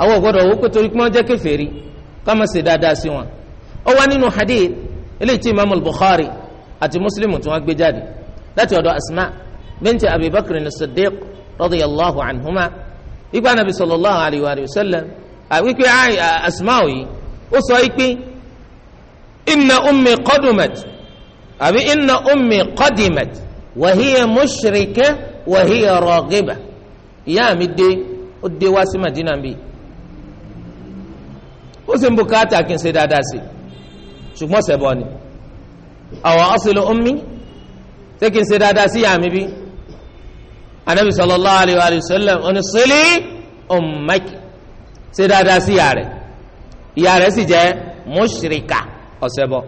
àwọn ògbọ́dọ̀ owó pé torí pé wọ́n jẹ́ kèfèrí ká má ṣe dáadáa sí wọn. ó wá nínú hadith eléyìí tí imaamu bukhari àti muslimu tí wọ́n gbé jáde láti ọ̀dọ̀ asma binti abibakar ní sadiq radiyallahu anhuma ikú anabi sallallahu alayhi wa sallam àwíkú asma yìí ó sọ ikú inna ummi qadumat àbí inna ummi qadimat wa hiya mushrika wa ìyá mi dé ó dé wá sí madina bíi ó sì ń bùkátà kí n ṣe dáadáa sí ṣùgbọ́n ṣẹ̀bọ ni àwọn ọ̀sìlò ummi ṣé kí n ṣe dáadáa sí yàmi bí anabi sallallahu alayhi wa sallam ọ̀nà sili ummaki ṣe dáadáa sí ìyá rẹ̀ ìyá rẹ̀ sì jẹ́ mushrika ọ̀ṣẹ̀bọ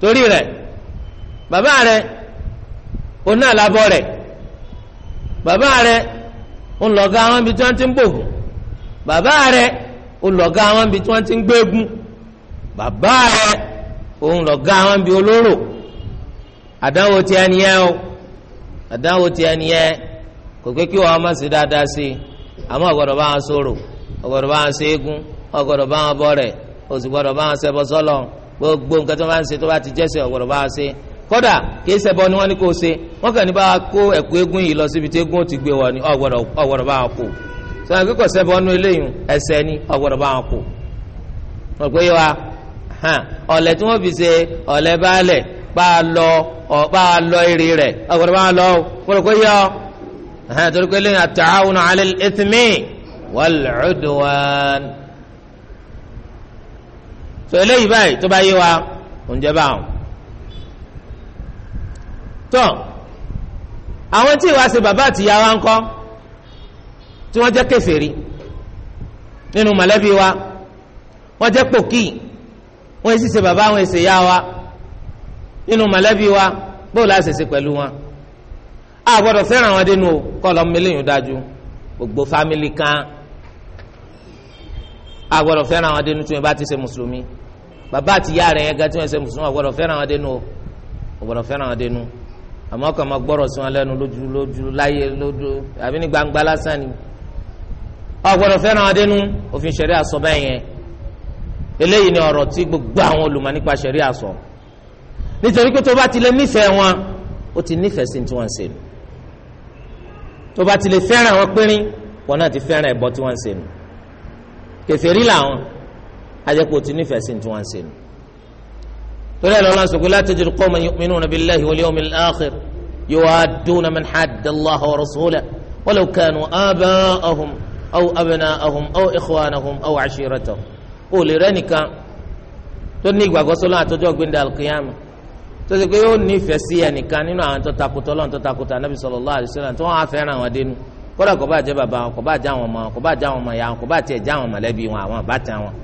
torí rẹ̀ bàbá rẹ̀ oní àlábọ̀ rẹ̀ bàbá rẹ̀ ńlọgá àwọn ibi tí wọ́n ti ń bò bàbá rẹ̀ olùlọ́gá wọn bí tí wọ́n ti ń gbégun bàbá rẹ̀ òun lọ́gá wọn bí olóró àdánwò tí ẹni yẹn o àdánwò tí ẹni yẹn kò pé kí wọn má ṣe dáadáa sí i àmọ́ ọ̀gọ̀dọ̀ bá wọn sọ̀rọ̀ ọ̀gọ̀dọ̀ bá wọn ṣe égún ọ̀gọ̀dọ̀ bá wọn bọ̀rẹ̀ òsì gbọ́dọ̀ bá wọn ṣẹbọ sọ́lọ̀ gbogbo nǹkan tó bá ń ṣe tó bá ti jẹ́sẹ̀ ọ̀gọ̀dọ̀ bá wọn ṣe kódà kì í ṣẹbọ ni wọ́n ní kó ṣe wọ́n kàn ní bá wọn kó ẹ̀kú égún yìí lọ síbi tí égún ó ti gbé wọn ni ọ̀gọ̀dọ̀ bá wọn kó sọ wọn kíkọ sẹbọ ọnu eléyìí ẹsẹ ni ọgbọ́dọ̀ bá wọn kú wọn pé wa ọ̀lẹ̀ tí wọn fi ṣe ọ̀lẹ̀ baálẹ̀ bá a lọ bá a lọ èrè rẹ̀ ọgbọ́dọ̀ bá wọn lọ wọn pé yọ torí pé lẹ́yìn at-ta'awun 'ala al-ithmi sọ eléyìí báyìí tó bá yé wa oúnjẹ báwọn tọ àwọn tí ìwà ṣe bàbá àtìyá wa ń kọ́ tí wọ́n jẹ́ kèfèrí nínú mọ̀lẹ́bí wa wọ́n jẹ́ pòkì wọ́n èsì ṣe bàbá wọn èsì yá wa nínú mọ̀lẹ́bí wa bóòlù àṣẹṣe pẹ̀lú wọn a gbọ́dọ̀ fẹ́ràn wọn dénú kọ́lọ́ mílíọ̀nù dájú gbogbo fámìlì kan a gbọ́dọ̀ fẹ́ràn wọn dénú tí wọ́n bá ti ṣe mùsùlùmí bàbá àti ìyá rẹ̀ yẹn gan tí wọ́n ṣe mùsùlùmí a gbọ́dọ̀ fẹ́ràn wọn dénú o gbọ́dọ̀ fẹ́ràn wọn dénú àmọ́ kàn máa gbọ́rọ̀ sí wọn lẹ́nu lójú lójú láyé lójú àbí ní gbangba lásán ni ọgbọ́dọ̀ fẹ́ràn adẹnu òfin ṣẹ̀rí àsọ bẹ́ẹ̀ yẹn eléyìí ni ọ̀rọ̀ tí gbogbo àwọn olùmọ̀ nípa ṣẹ̀rí àsọ nítorí pé tó bá ti lè nífẹ̀ẹ́ wọn ó ti nífẹ̀ẹ́ sí tí wọ́n ń ṣe nù tó bá ti lè fẹ́ràn wọn pínrín wọn náà ti fẹ́ràn ẹ̀bọ tí wọ́n ń ṣe nù kèfèrí làwọn ajẹ́pọ̀ ti nífẹ̀ẹ́ sí tí wọ́n ń ṣe nù torí ẹ̀ lọ́la sọ̀kú la tajidu qawman yu'minuna billahi wal yawmil akhir yuwadduna man hadda Allaha wa rasulahu walau kanu aba'ahum aw abna'ahum aw ikhwanahum aw ashiratahum o lè rẹ nìkan tó ní ìgbàgbọ́ sọ́lọ́ àtọ́jọ́ gbẹ̀ndà alkiyama tó ṣe pé yóò nífẹ̀ẹ́ sí ẹnìkan nínú àwọn tó takùtọ̀ lọ́n tó takùtọ̀ anábì sallallahu alaihi wasallam tó wọ́n á fẹ́ràn àwọn dénú kódà kò bá jẹ́ bàbá wọn kò bá jẹ́ àwọn ọmọ wọn kò bá jẹ́ àwọn ọmọ ìyá wọn kò bá tiẹ̀ jẹ́ àwọn mọ̀lẹ́bí wọn àwọn àbátan wọn.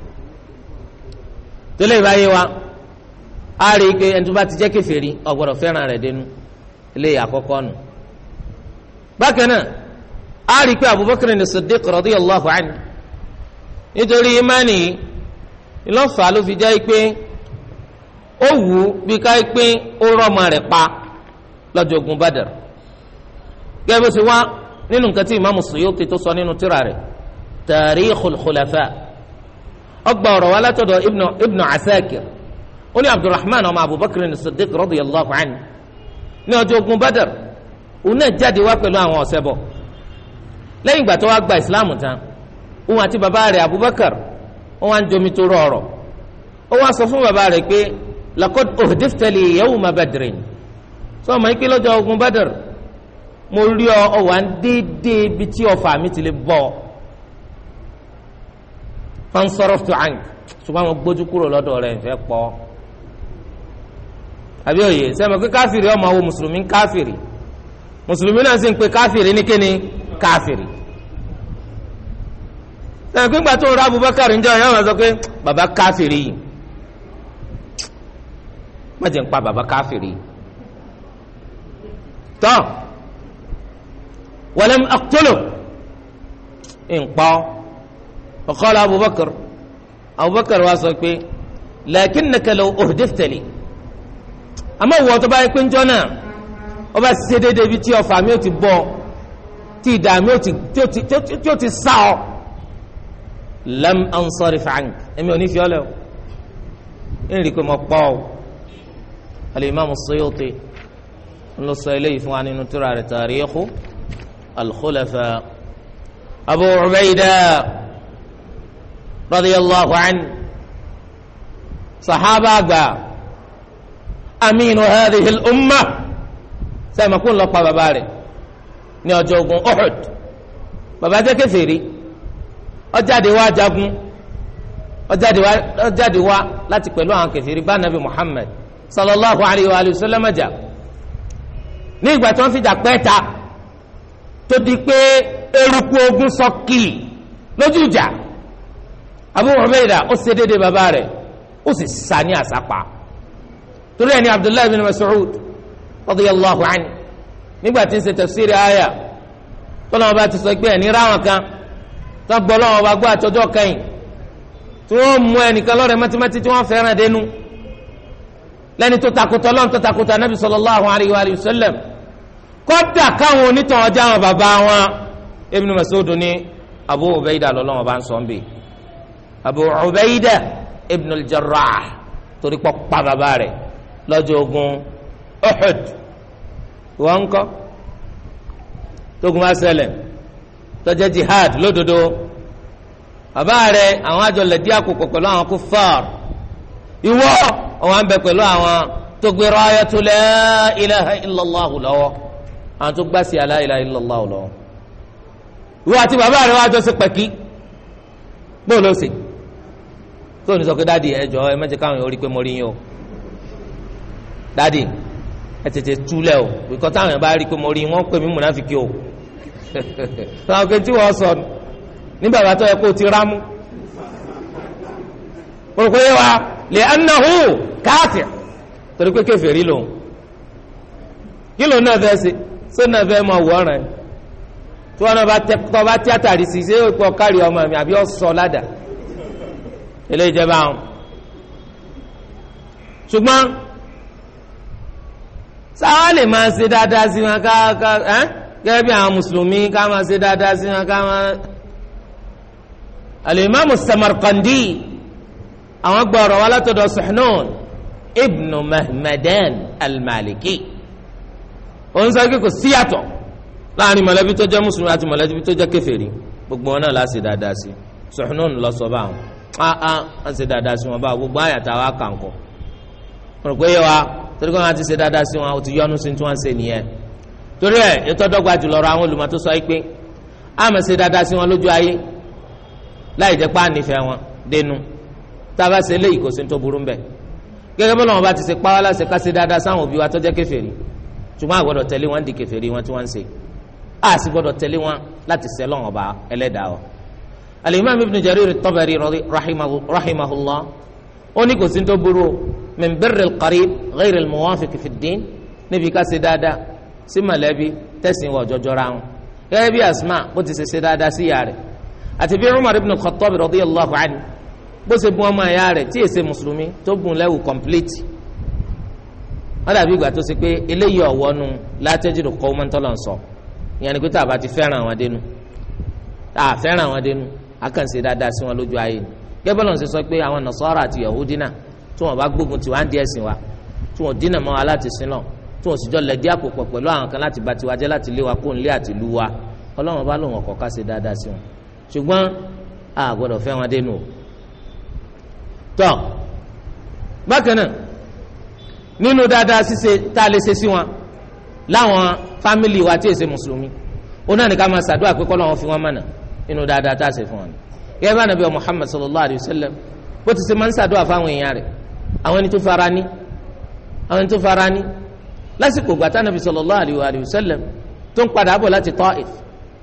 tó báyé wa a rí i pé ẹni tó bá ti jẹ́ kèfèrí ó gbọ́dọ̀ fẹ́ràn rẹ̀ dénú eléyìí àkọ́kọ́ nù. bákan náà a rí pé abubakar ní sadiq radiyallahu anhu nítorí imani ìlọ́fà ló fi jẹ́ pé ó wù ú bí ká pé ó rọ́mọ rẹ̀ pa lọ́jọ́ ogun badr gẹ́gẹ́ bó ṣe wá nínú nǹkan tí imaamu Suyuti tó sọ nínú tírà rẹ̀ tarikhul khulafa ọgbà ọ̀rọ̀ wa látọ̀dọ̀ ibnu ibnu asakir ó abdulrahman ọmọ abubakar ní sadiq radiyallahu anhu ní ọjọ́ ogun badr òun náà jáde wá pẹ̀lú àwọn ọ̀sẹ̀ bọ̀ lẹ́yìn ìgbà tó wá gba islam tán òun àti bàbá rẹ̀ abubakar ó wá ń jomi tó rọrọ̀ ó wá sọ fún bàbá rẹ̀ pé lakod ohdiftali yawma badrin sọ ma ikpe lọ́jọ́ ogun badr mo rí ọ ọ wà ń déédéé bi tí ọfà mi ti lè bọ fansorof to ang ṣùgbọ́n mo gbójú kúrò lọ́dọ̀ rẹ̀ nfẹ́ pọ̀ àbí òye sẹ́mi pé káfìrí ọmọ wo mùsùlùmí káfìrí mùsùlùmí náà sì ń pe káfìrí ní kíni káfìrí ẹ̀kú ìgbà tó ra Abubakar ń jẹ́ ọ̀yọ́ wọn sọ pé bàbá káfìrí yìí má jẹ́ ń pa bàbá káfìrí yìí tọ́ walam aqtuluhu ńpọ́ ọ̀kọ́lá Abubakar Abubakar wa sọ pé lakinnaka law uhdithta li àmọ́ ìwọ tó bá yẹ pé ń jọ náà ó bá ṣe déédéé bí tí ọ̀fà mi ò ti bọ̀ tí ìdààmú tí ti sá ọ. lam ansarif ank èmi ò ní fi ọlẹ o ń rí i pé mo pọ̀ o e ri i as-Suyuti ń lọ sọ eléyìí fún wa nínú tura rẹ̀ tarikhu al-khulafa abu ubaida radiyallahu an sahaba àgbà aminu hadhihi al-umma sẹ́yìn ma kó ń lọ kpa bàbá rẹ̀ ní ọjọ́ ogun Uhud bàbá jẹ́ kèfèrí. ọjáde wá jagun ọjáde wá ọjáde wá láti pẹ̀lú àwọn kèfèrí bá nàbì Muhammad sallallahu alayhi wa sallam jà ní ìgbà tí wọ́n fi jà tó di pé eruku ogun sọ lójú ìjà Abu Ubaida ó ṣe déédéé bàbá rẹ̀ ó sì sá ní àsápà torí ẹni Abdullahi bin Mas'ud radiyallahu anhu nígbà tí ń ṣe tó gbọ́ lọ́wọ́ wa gbọ́ àtọ́jọ́ kẹ́yìn tí wọ́n mú ẹnìkan lọ́rẹ̀ mọ́tímọ́tí tí wọ́n fẹ́ràn dénú lẹ́ni tó takùtọ̀ lọ́n tó takùtọ̀ anábì sallallahu alayhi wa sallam kọ́dà káwọn onítàn ọjà wọn bàbá wọn Ibn Mas'ud ní Abu Ubaida lọ́lọ́wọ́ bá ń sọ ń bì Abu Ubaida Ibn jarrah torí pọ́ pa bàbá rẹ̀ lọ́jọ́ ogun Uhud wọ́n ń tógun bá ṣẹlẹ̀ tọ́jẹ́ jihad lódodo bàbá rẹ àwọn àjọ lẹ̀dí àkókò pẹ̀lú àwọn kufar ìwọ àwọn àbẹ pẹ̀lú àwọn tó gbé ráyàtu la ilaha illallah lọ́wọ́ àwọn tó gbá sí la ilaha illallah lọ́wọ́ ìwọ àti bàbá rẹ wàá jọ sí pẹ̀kí bóòlù ó sì tó ní sọ pé dáàdi ẹ jọ ẹ mẹ́tẹ̀ẹ́ káwọn yóò rí pé mo rí yín o dáàdi ẹ tètè túlẹ̀ o bìkọ́ táwọn yẹn bá rí pé mo rí yín wọ́n pè mí múnáfíkì o sọ pé tí wọ́n sọ ní bàbá tó yẹ kó ti rámú kórókó yẹ wa lè anahu káfíà torí pé kèfèrí lòun kí lòun náà fẹ́ ṣe ṣé náà fẹ́ máa wọ ọ̀ràn tí wọn bá tẹ tọ́ bá tíátà rí sí ṣé kò kárí ọmọ mi àbí ọ̀sọ́ ládà ilé ìjẹba àwọn ṣùgbọ́n sáwọn lè máa ṣe dáadáa sí wọn ká ká ẹ́ gẹ́gẹ́ bí àwọn mùsùlùmí ká máa ṣe dáadáa sí wọn ká máa. alimami samarkandi àwọn gba ọ̀rọ̀ wa látọ̀dọ̀ suhnun ibnu mahmadan almaliki òun sọ pé kò síyàtọ̀ láàrin mọ̀lẹ́bí tó jẹ́ mùsùlùmí àti mọ̀lẹ́bí tó jẹ́ kèfèrí gbogbo wọn náà la ṣe dáadáa sí suhnun lọ sọ báwọn aa wọn ṣe dáadáa sí wọn báwọn gbogbo àyàtà wa kàn kọ. mo yẹ wa torí kí wọn ti ṣe dáadáa sí wọn o ti yọnu sí tí wọn ṣe nìyẹn torí ẹ ìtọ́dọ́gba jùlọ rọ àwọn olùmọ̀ tó sọ pé a máa ṣe dáadáa sí wọn lójú ayé láì jẹ́ pé a nífẹ̀ẹ́ wọn dénú tá a bá ṣe eléyìí kò sí tó burú bẹ́ẹ̀ gẹ́gẹ́ bọ́lá wọn bá ti ṣe pa wá láṣẹ ká ṣe dáadáa sáwọn òbí wa tó jẹ́ kèfèrí ṣùgbọ́n àgbọ̀dọ̀ tẹ̀lé wọn di kèfèrí wọn tí wọ́n ń ṣe a sì gbọ́dọ̀ tẹ̀lé wọn láti ṣe lọ́wọ́n ọba ẹlẹ́dàá sí mọ̀lẹ́bí tẹ̀sìn wọ̀ jọjọra wọn gẹ́gẹ́ bí asma bó ti ṣe ṣe dáadáa sí ìyá rẹ̀ àti bí umar ibn khattab radiyallahu anhu bó ṣe bùn ọmọ ìyá rẹ̀ tí èsè mùsùlùmí tó bùn lẹ́wù complete wọ́n dàbí ìgbà tó ṣe pé eléyìí ọ̀wọ́nu látẹ́jìrò kọ́ ọmọ ntọ́lọ̀ ń sọ ìyẹn ni pé tá a bá ti fẹ́ràn àwọn adẹnu tá a fẹ́ràn àwọn tí wọn sì jọ lẹdí àpòpọ̀ pẹ̀lú àwọn kan láti ba tiwa jẹ́ láti lé wa kó ń lé àti lu wa ọlọ́run bá lòun ọ̀kọ̀ ká ṣe dáadáa sí wọn ṣùgbọ́n a gbọ́dọ̀ fẹ́ wọn dénú o. tọ́ bákan náà nínú dáadáa ṣíṣe tá a lè ṣe sí wọn láwọn fámìlì wa tí èsè mùsùlùmí ó náà ní ká máa ṣàdúrà pé kọ́ lọ́wọ́ fi wọ́n mọ̀nà nínú dáadáa tá a ṣe fún wọn. gẹ́gẹ́ bá nàbẹ́ Muhammad sallallahu alayhi wa sallam bó ti ṣe máa ń ṣàdúrà fáwọn èèyàn rẹ̀ àwọn ẹni tó fara lásìkò gbàtà nàbì sallallahu alaihi wa sallam tó ń padà bọ̀ láti Taif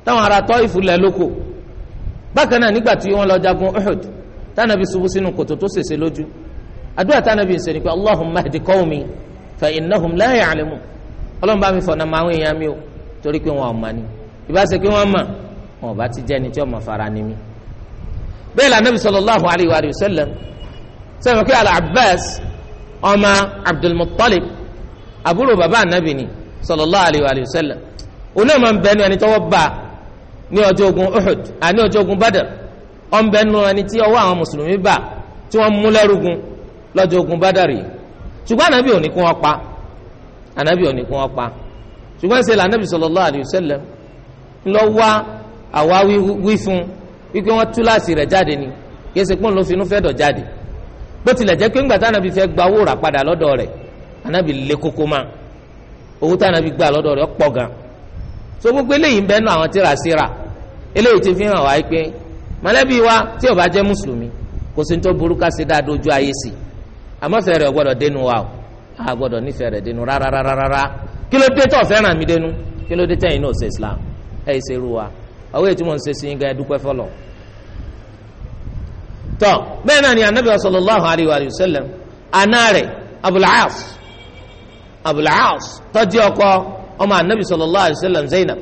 táwọn ará Taif lẹ̀ lóko bákan náà nígbà tí wọ́n lọ jagun Uhud tánàbì ṣubú sínú kòtò tó ṣèṣe lójú àdúrà tánàbì ṣe ni pé Allahumma hdi qawmi fa innahum la ya'lamun Ọlọ́run bá mi fọ̀nà máa ń yan mi o torí pé wọn ò mọ̀ ni ìbá ṣe pé wọ́n mọ̀ wọn ò bá ti jẹ́ ẹni tí ọmọ fara ni mi. bẹ́ẹ̀ la nàbì sallallahu alaihi wa sallam sẹ́wọ̀n kí al ọmọ Abdul àbúrò bàbá ànábì ni sallallahu alayhi wa sallam oní ọmọ nbẹnu ẹni tọ́wọ́ bá ní ọjọ́ ogun Uhud àní ọjọ́ ogun Badr ọmọbẹnu ẹni tí ọwọ́ àwọn mùsùlùmí bá tí wọ́n mú lẹ́rùgún lọ́jọ́ ogun Badr yìí ṣùgbọ́n ànábì ò ní kí wọ́n pa ànábì ò ní kí wọ́n pa ṣùgbọ́n ṣe là ànábì sallallahu alayhi wa sallam ńlọ wá àwa wí fún wípé wọ́n tú láàsì rẹ̀ jáde ni kí ẹ anabi lé kókó ma owó tí anabi gbà lọ́dọ̀ rẹ̀ pọ̀ gan so gbogbo eléyìí ń bẹ́ẹ̀ nù àwọn tíra síra eléyìí ti fi hàn wá pé wa tí o bá jẹ́ mùsùlùmí kò sí ní tó burú ká ṣe dáa dojú si rẹ̀ gbọ́dọ̀ dénú wa o a gbọ́dọ̀ nífẹ̀ẹ́ rẹ̀ dénú rárárárá kí ló dé tó fẹ́ràn mi dénú islam wa ọwọ́ ètò mọ̀ ń ṣe gan ni anabi wa Abul Aas tó ọkọ ọmọ anabi sallallahu alayhi wa sallam Zainab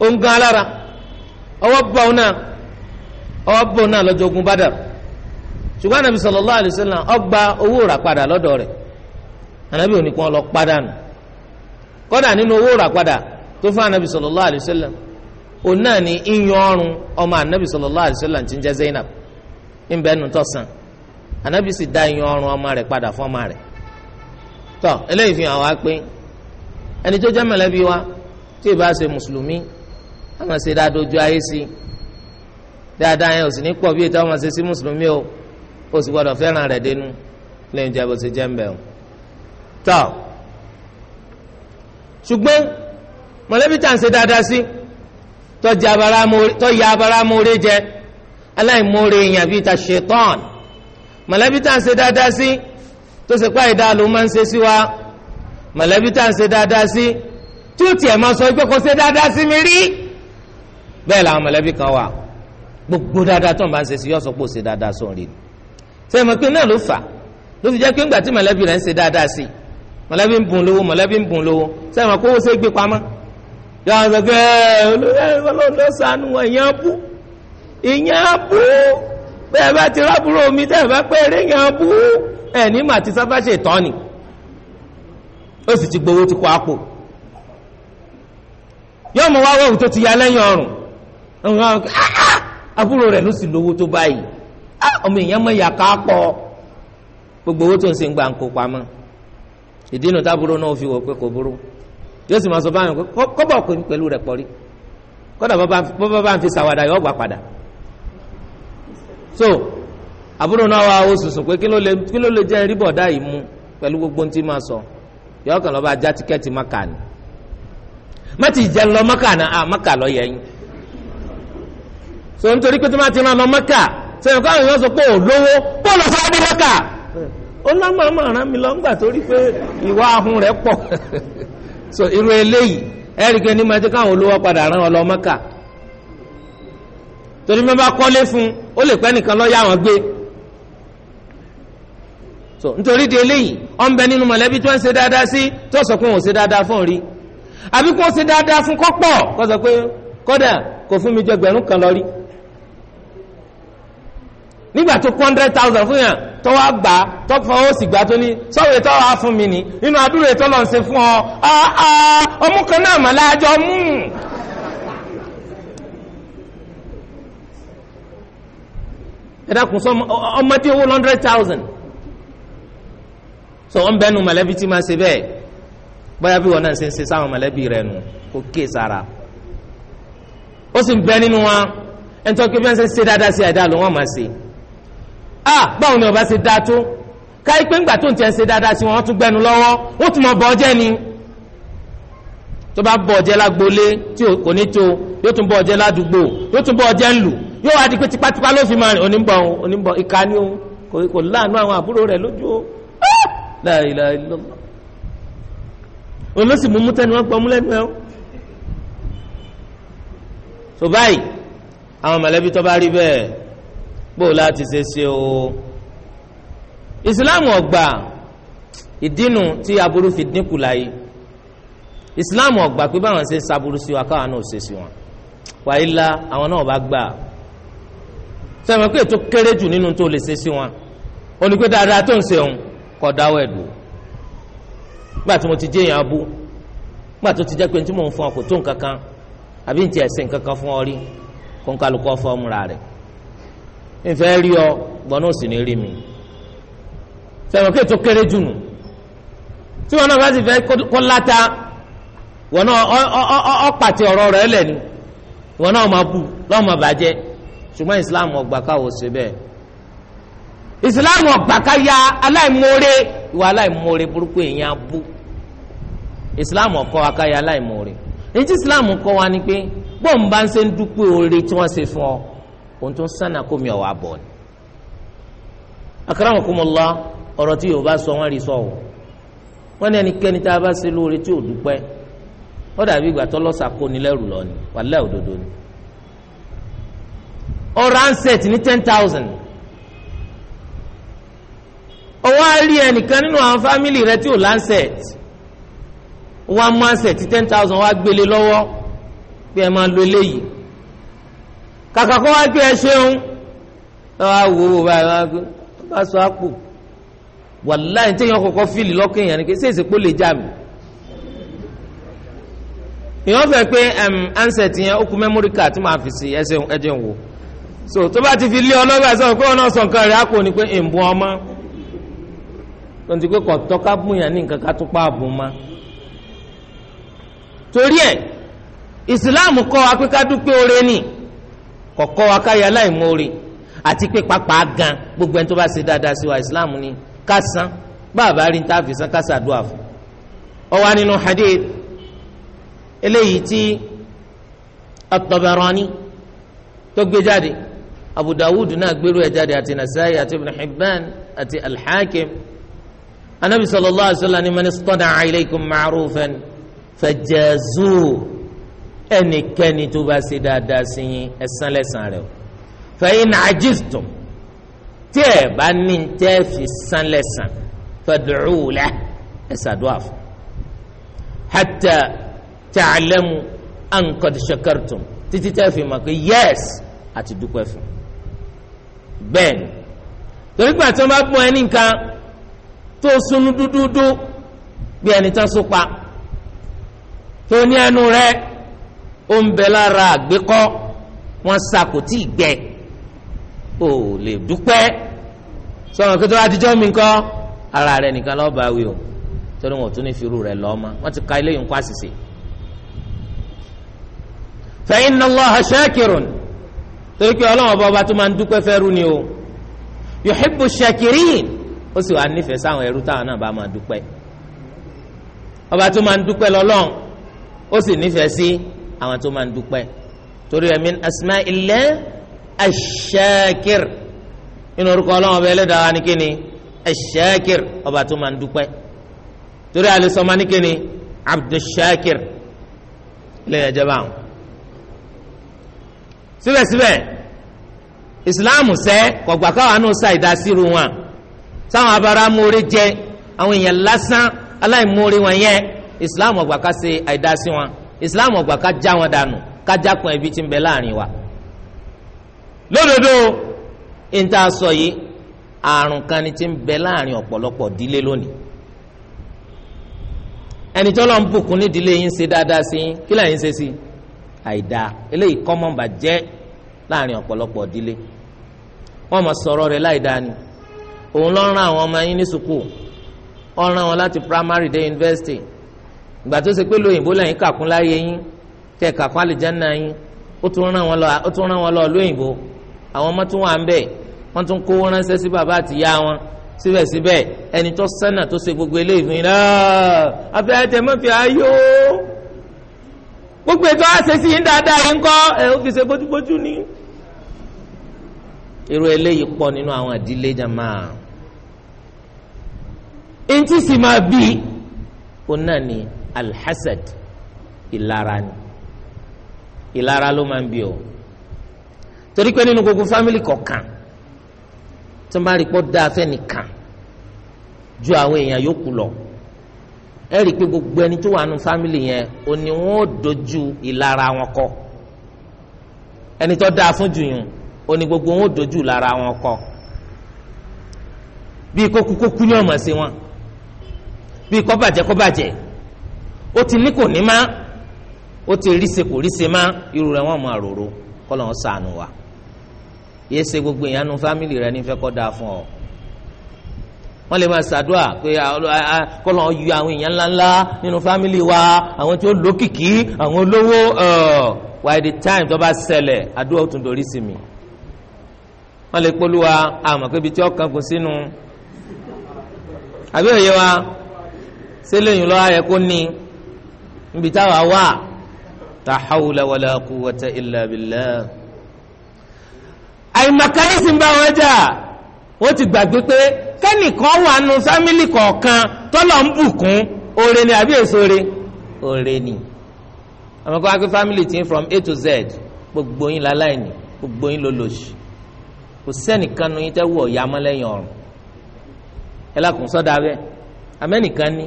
ó ń gan alára náà ọwọ́ bọ̀ náà ogun badar anabi sallallahu alayhi wa sallam gba owó rà padà anabi ò ní padà nù kọ́dà nínú anabi sallallahu alayhi wa sallam òun náà ní iyán ọrùn ọmọ anabi sallallahu alayhi wa sallam ń anabi sì ọrùn ọmọ tọ eléyìí fi hàn wá pé ẹni tó jẹ́ mọ̀lẹ́bí wa tí ìbá ṣe mùsùlùmí a máa ṣe dáadáa ojú ayé sí dáadáa yẹn ò sì ní pọ̀ bí ètò àwọn ṣe sí mùsùlùmí o o sì gbọ́dọ̀ fẹ́ràn rẹ̀ dénú lẹ́yìn jẹ́ bó ṣe jẹ́ ń o tọ ṣùgbọ́n mọ̀lẹ́bí tá à ń ṣe dáadáa sí tó ya abara amóore jẹ aláìmoore èèyàn bíi ta ṣetán mọ̀lẹ́bí tá à ń ṣe dáadáa sí tó ṣe pé àìdá ló máa ń ṣe sí wa mọ̀lẹ́bí tá à ń ṣe dáadáa sí tí ó tiẹ̀ máa sọ pé kò ṣe dáadáa sí mi rí bẹ́ẹ̀ làwọn mọ̀lẹ́bí kan wà gbogbo dáadáa tó ń bá ń ṣe sí yọ sọ pé ó ṣe dáadáa sóun rí ni ṣé ìmọ̀ pé náà ló fà ló fi jẹ́ pé ńgbà tí mọ̀lẹ́bí rẹ̀ ń ṣe dáadáa sí mọ̀lẹ́bí ń bùn lówó mọ̀lẹ́bí ń bùn lówó ṣé ìmọ̀ kó wọ́n ṣe gbé pamọ́ yọ bẹ́ẹ̀ bá ti rábúrò mi tẹ́ ẹ̀ bá pé eré yẹn bú ẹ̀ ní màtí sábà ṣe ìtọ́ni ó sì ti gbowó ti kó àpò yóò mọ wá wọ́ọ̀hù tó ti ya lẹ́yìn ọrùn àwọn ah, ah, rẹ̀ ló sì lówó tó báyìí ah, ọmọ èèyàn mọ̀ ìyàká pọ̀ gbogbo owó tó ń ń gba ń kó tábúrò náà fi wọ̀ pé kò burú yóò sì máa sọ báyìí pẹ̀lú rẹ̀ pọ̀ rí bọ́ bá ń fi gbà padà. so àbúrò náà wà ó sùsùn pé kí ló lè kí ló lè jẹ́ yìí mú pẹ̀lú gbogbo ohun tí máa sọ yọ̀ọ́ kan lọ́ọ́ bá já tíkẹ́ẹ̀tì maka ni má ti lọ maka na ah, maka lọ yẹ so nítorí pé tó máa ti lọ maka sẹ́yìn káwọn èèyàn sọ pé ò lówó kó lọ sọ ní maka ó lámà má ràn mí lọ ńgbà torí pé ìwà ahun rẹ̀ pọ̀ so irú eléyìí ẹ̀ríkẹ́ ní ma ti káwọn olówó padà rán ọ lọ maka torí bá fún ó lè pẹ́ nìkan lọ́ọ́ yá wọn gbé so nítorí di eléyìí ọ̀n bẹ nínú mọ̀lẹ́bí tó ń ṣe dáadáa sí tó sọ pé òun ṣe dáadáa fún rí àbí kó ṣe dáadáa fún kọ́pọ̀ kó sọ pé kódà kò fún mi jọ gbẹ̀rún kan lọ rí nígbà tó kó hundred thousand fún yàn tó wá gbà tó fọwọ́ sì gbà tó ní sọ́wọ́ ètò wàá fún mi ní nínú àdúrà ètò lọ́n ṣe fún ọ ah, ah, ọmú kan náà mà láàjọ mú un. ẹ dákun sọ ọmọ tí owó hundred thousand so wọn bẹnu mọ̀lẹ́bí tí máa ṣe bẹ́ẹ̀ bóyá bí wọn náà ṣe ń ṣe sáwọn mọ̀lẹ́bí rẹ nù kó ké sára ó sì ń bẹ nínú wa ẹni tó kí bẹ́ẹ̀ ṣe ṣe dáadáa sí àìdáa ló wọ́n máa ṣe ah báwo ni ọba ṣe dáa tó káyí pé ńgbà tó ń tẹ̀ ṣe dáadáa sí wọn wọ́n tún gbẹnu lọ́wọ́ wọ́n tún mọ bọ́ jẹ́ ni tó bá bọ̀ jẹ́ lágbolé tí kò ní tó yóò tún bọ̀ jẹ́ ládùúgbò yóò tún bọ̀ jẹ́ ńlù yóò wá di pé tipátipá ló fi máa rìn oníbọ̀ oníbọ̀ ìka ni òun kò láàánú àwọn àbúrò rẹ̀ lójú o láìláì lọ́mọ olóṣì mú mútẹ́ni wọ́n gbọ́mú lẹ́nu ẹ̀ o. tó báyìí àwọn mọ̀lẹ́bí tó bá rí bẹ́ẹ̀ bó o láti ṣe ṣe o. ìsìláàmù ọ̀gbà ìdínú tí aburú fi dínkù láyé ìsìláàmù ọ̀gbà pé báwọn ṣe ṣaburú sí wa káwọn náà ṣe sí wọn wàyí la àwọn náà bá gbà á sẹ́wọ̀n pé ètò kéré jù nínú tó lè ṣe sí wọn olùgbé dáadáa tó ń ṣe òun kọ́ dáwọ́ ẹ̀dùn gbà tí mo ti jẹ́ èèyàn abú gbà tó ti jẹ́ pé tí mò ń fún ọ kò tó nǹkan kan àbí ti ẹ̀sìn nǹkan fún ọ rí ọ gbọ́n náà sì mi pé ètò kéré jù nù tí wọn náà bá fẹ́ kó láta wọn náà ọ pàtẹ ọ̀rọ̀ rẹ̀ ṣùgbọ́n islam ọgbà káwọ́ ṣe bẹ́ẹ̀ islam ọgbà ká ya aláìmoore ìwà aláìmoore burúkú èèyàn abú islam ọkọ wa ká ya aláìmoore èyí tí islam kọ́ wa ni pé bọ́ọ̀n bá ń ṣe ń dúpẹ́ oore tí wọ́n ṣe fún ọ òun tó ń sànà kó mi ọ̀wà bọ̀ ni. akramakumullah ọ̀rọ̀ tí yorùbá sọ wọ́n rí sọ o wọ́n ní ẹnikẹ́ni tá a bá ṣe lóore tí ò dúpẹ́ ó dàbí ìgbà tó lọ́sàkó ni lẹ́rù lọ ni wàlẹ́ òdodo ni ọ̀rọ̀ ansẹt ní ten thousand ọwọ́ àárí ẹnìkan nínú àwọn fámìlì rẹ tí ò lancet wọ́n mú ansẹt ten thousand wọ́n á gbélé lọ́wọ́ pé ẹ máa lo eléyìí kàkà kó wá pé ẹ ṣeun ẹ wá wò ó báyìí wá pé ó bá sọ àpò wàláyé téèyàn kọ́kọ́ fíìlì lọ́kàn èèyàn ni pé ṣèṣe pé ó lè já mi èèyàn fẹ́ pé ansẹt yẹn ó kú mẹ́mórì káàdì máa fi sí ẹsẹ̀ ẹ̀jẹ̀ wò so tó bá ti fi lé ọlọ́gbà sọ̀rọ̀ pé ọ̀nà sọ̀ nǹkan rẹ̀ á kò ní pé èèmù ọmọ tonti pé kò tọ́ka bùnyàn ní nǹkan ká tó pa àbùn ma torí ẹ̀ ìsìláàmù kọ́ wa pé ká dúpẹ́ oore ni kò kọ́ wa ká yà láì mọ́ọ́re àti pé pàápàá gan gbogbo ẹni tó bá ṣe dáadáa sí wa ìsìláàmù ni ká san báàbá rí níta fi san ká ṣàdúrà fún ọ wá nínú hadith eléyìí tí At-Tabarani tó gbé jáde abu dawud náà gbèrú ẹ̀ jáde àti nasaayi àti ibn hibban àti alḥakim anabi sallallahu alayhi wa sallam ni man istada'a ilaykum ma'rufan fajazu ẹnikẹ́ni tó bá ṣe dáadáa sí yín ẹ̀san lẹ́san rẹ̀ o fa in ajiztum tí ẹ bá ní tẹ́ fi san lẹ́san fad'u lahu fún hatta ta'lamu an títí tẹ́ fi mọ̀ pé yẹ́s àti dúpẹ́ fún bẹ́ẹ̀ ni torí pé àti wọn bá bọ ẹni nǹkan tó sunu dúdúdú bí ẹni tán so pa tó ní ẹnu rẹ̀ ó ń bẹ lára àgbékọ́ wọn sa kò tí ì gbẹ ò lè dúpẹ́ sọ̀rọ̀ kí tó bá ti jọ́ mi nǹkan ara rẹ̀ nìkan lọ́ọ́ wí o torí wọn ò tún ní firu rẹ̀ lọ́ọ́ ma wọ́n ti ka eléyìí ń kó àṣìṣe. fa inna Allaha shakirun torí pé ọlọ́run ọba ọba tó máa ń dúpẹ́ fẹ́ rú ni o yòhìbù ṣakirin ó sì wà nífẹ̀ẹ́ sáwọn ẹrú táwọn náà bá máa dúpẹ́ ọba tó máa ń dúpẹ́ lọ́lọ́run ó sì nífẹ̀ẹ́ sí àwọn tó máa ń dúpẹ́ torí ẹ̀mí asmá ilẹ̀ aṣakir inú orúkọ ọlọ́run ọba ẹlẹ́dàá wa ni kí ni aṣakir ọba tó máa ń dúpẹ́ torí àlẹ́ sọ́ma ni kí ni abdulshakir lẹ́yìn ẹ̀jẹ̀ báwọn. síbẹ̀síbẹ̀ ìsìláàmù sẹ́ kọ̀gbà káwọn náà sa ìdásírù wọn sáwọn abáramóore jẹ àwọn èèyàn lásán aláìmóore wọn yẹn ìsìláàmù ọ̀gbà ká ṣe àìdásí wọn ìsìláàmù ọgbà ká já wọn dànù ká jákun ẹbí ti ń bẹ láàrin wa. lódodo níta sọ yìí àrùn kan ni ti ń bẹ láàrin ọ̀pọ̀lọpọ̀ dílé lónìí ẹni tó lọ ń bùkún nídìílé yín ṣe dáadáa sí yín kí ń ṣe sí i àìda eléyìí kọ́mọ́n bà jẹ́ láàrin ọ̀pọ̀lọpọ̀ ìdílé wọ́n mọ̀ sọ̀rọ̀ rẹ̀ láìda ni òun ló rán àwọn ọmọ yín ní sukùl ó rán wọn láti primary dé university ìgbà tó ṣe pé lóyìnbó lẹ́yìn kàkún láyé yín tẹ̀ kàkún àlìjáná yín ó tún rán wọn lọ ó tún rán wọn lọ lóyìnbó àwọn ọmọ tún wà ń bẹ̀ wọ́n tún kówó ránṣẹ́ sí bàbá àti ìyá wọn síbẹ̀síbẹ̀ ẹni tó sẹ́nà tó ṣe gbogbo eléyìí fún yín náà àfẹ́ àtẹ̀mọ́fẹ́ ayó gbogbo ètò àṣesí yín dáadáa yín kọ́ ẹ ó fi ṣe bójúbójú ni. irú eléyìí pọ̀ nínú àwọn ìdílé jama ntí sì máa bí òun náà ni alhassad ìlara ni ìlara ló máa ń bí o torí pé nínú gbogbo fámìlì kọ̀ọ̀kan tó máa rí pọ́ dáa fẹ́ nìkan ju àwọn èèyàn yòókù lọ ẹ rí i pé gbogbo ẹni tó wà nù fámìlì yẹn ò ní wọn ò dojú ìlara wọn kọ ẹni tó dáa fún jùyùn ò ní gbogbo wọn ò dojú ìlara wọn kọ bíi kókú kókú ní ọmọ sí wọn bíi kọ́bàjẹ́ kọ́bàjẹ́ ó ti ní kò ní má ó ti ríṣe kò ríṣe má irú rẹ̀ wọ́n mọ àròrò kọ́ lọ́n sànù wa yéé ṣe gbogbo ìyanu fámìlì rẹ nífẹ̀ẹ́ kọ́ dáa fún ọ wọ́n lè máa ṣàdúrà pé kọ́lọ́ yọ àwọn èèyàn ńláńlá nínú fámìlì wa àwọn tí ó lókìkí àwọn olówó by eh, the time tó bá ṣẹlẹ̀ àdúrà ó tún dorí sí mi wọ́n lè polúwa àmọ́ pé ibi tí ọkàn kù sínú àbí òye wa sẹ́lẹ̀yìn lọ́wọ́ ayẹ kó ní níbi táwa wà ta hawla wala quwwata illa billah àyìnbá ń bá wọn jà wọ́n ti gbàgbé pé kẹ́nìkan wà nù fámìlì kọ̀ọ̀kan tọ́lọ̀ ń bùkún oore ni àbí èso re oore ni àwọn kan wá pé fámìlì ti ń from a to z gbogbo yín láláì ní gbogbo yín ló lòṣì kò sẹ́nìkan nu yín tẹ́ wọ̀ ya mọ́lẹ́yìn ọ̀run ẹ lákùn sọ́dà bẹ́ẹ̀ amẹ́nìkan ní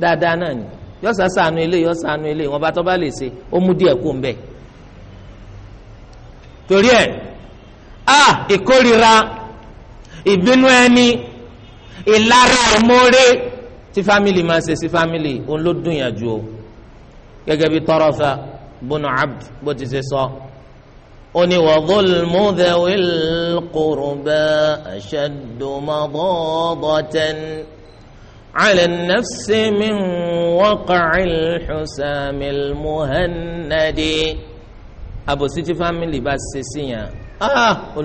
dáadáa náà ni yọ́sà sànú ilé yọ́sà sànú ilé wọn bá tọ́ bá lè ṣe ó mú díẹ̀ kó ń bẹ̀ torí ẹ̀ a ìkórira ìbínú ẹni ìlara ìmoore tí fámìlì máa ṣe sí fámìlì òun ló dùn yàn jù o gẹ́gẹ́ bí tọrọfà bùnú abd bó ti ṣe sọ ó ní wa zulmu dhawil qurba ashaddu madadatan ala nafsi min waqa'il husamil muhannadi àbòsí tí fámìlì bá ṣe sí yàn ah, ó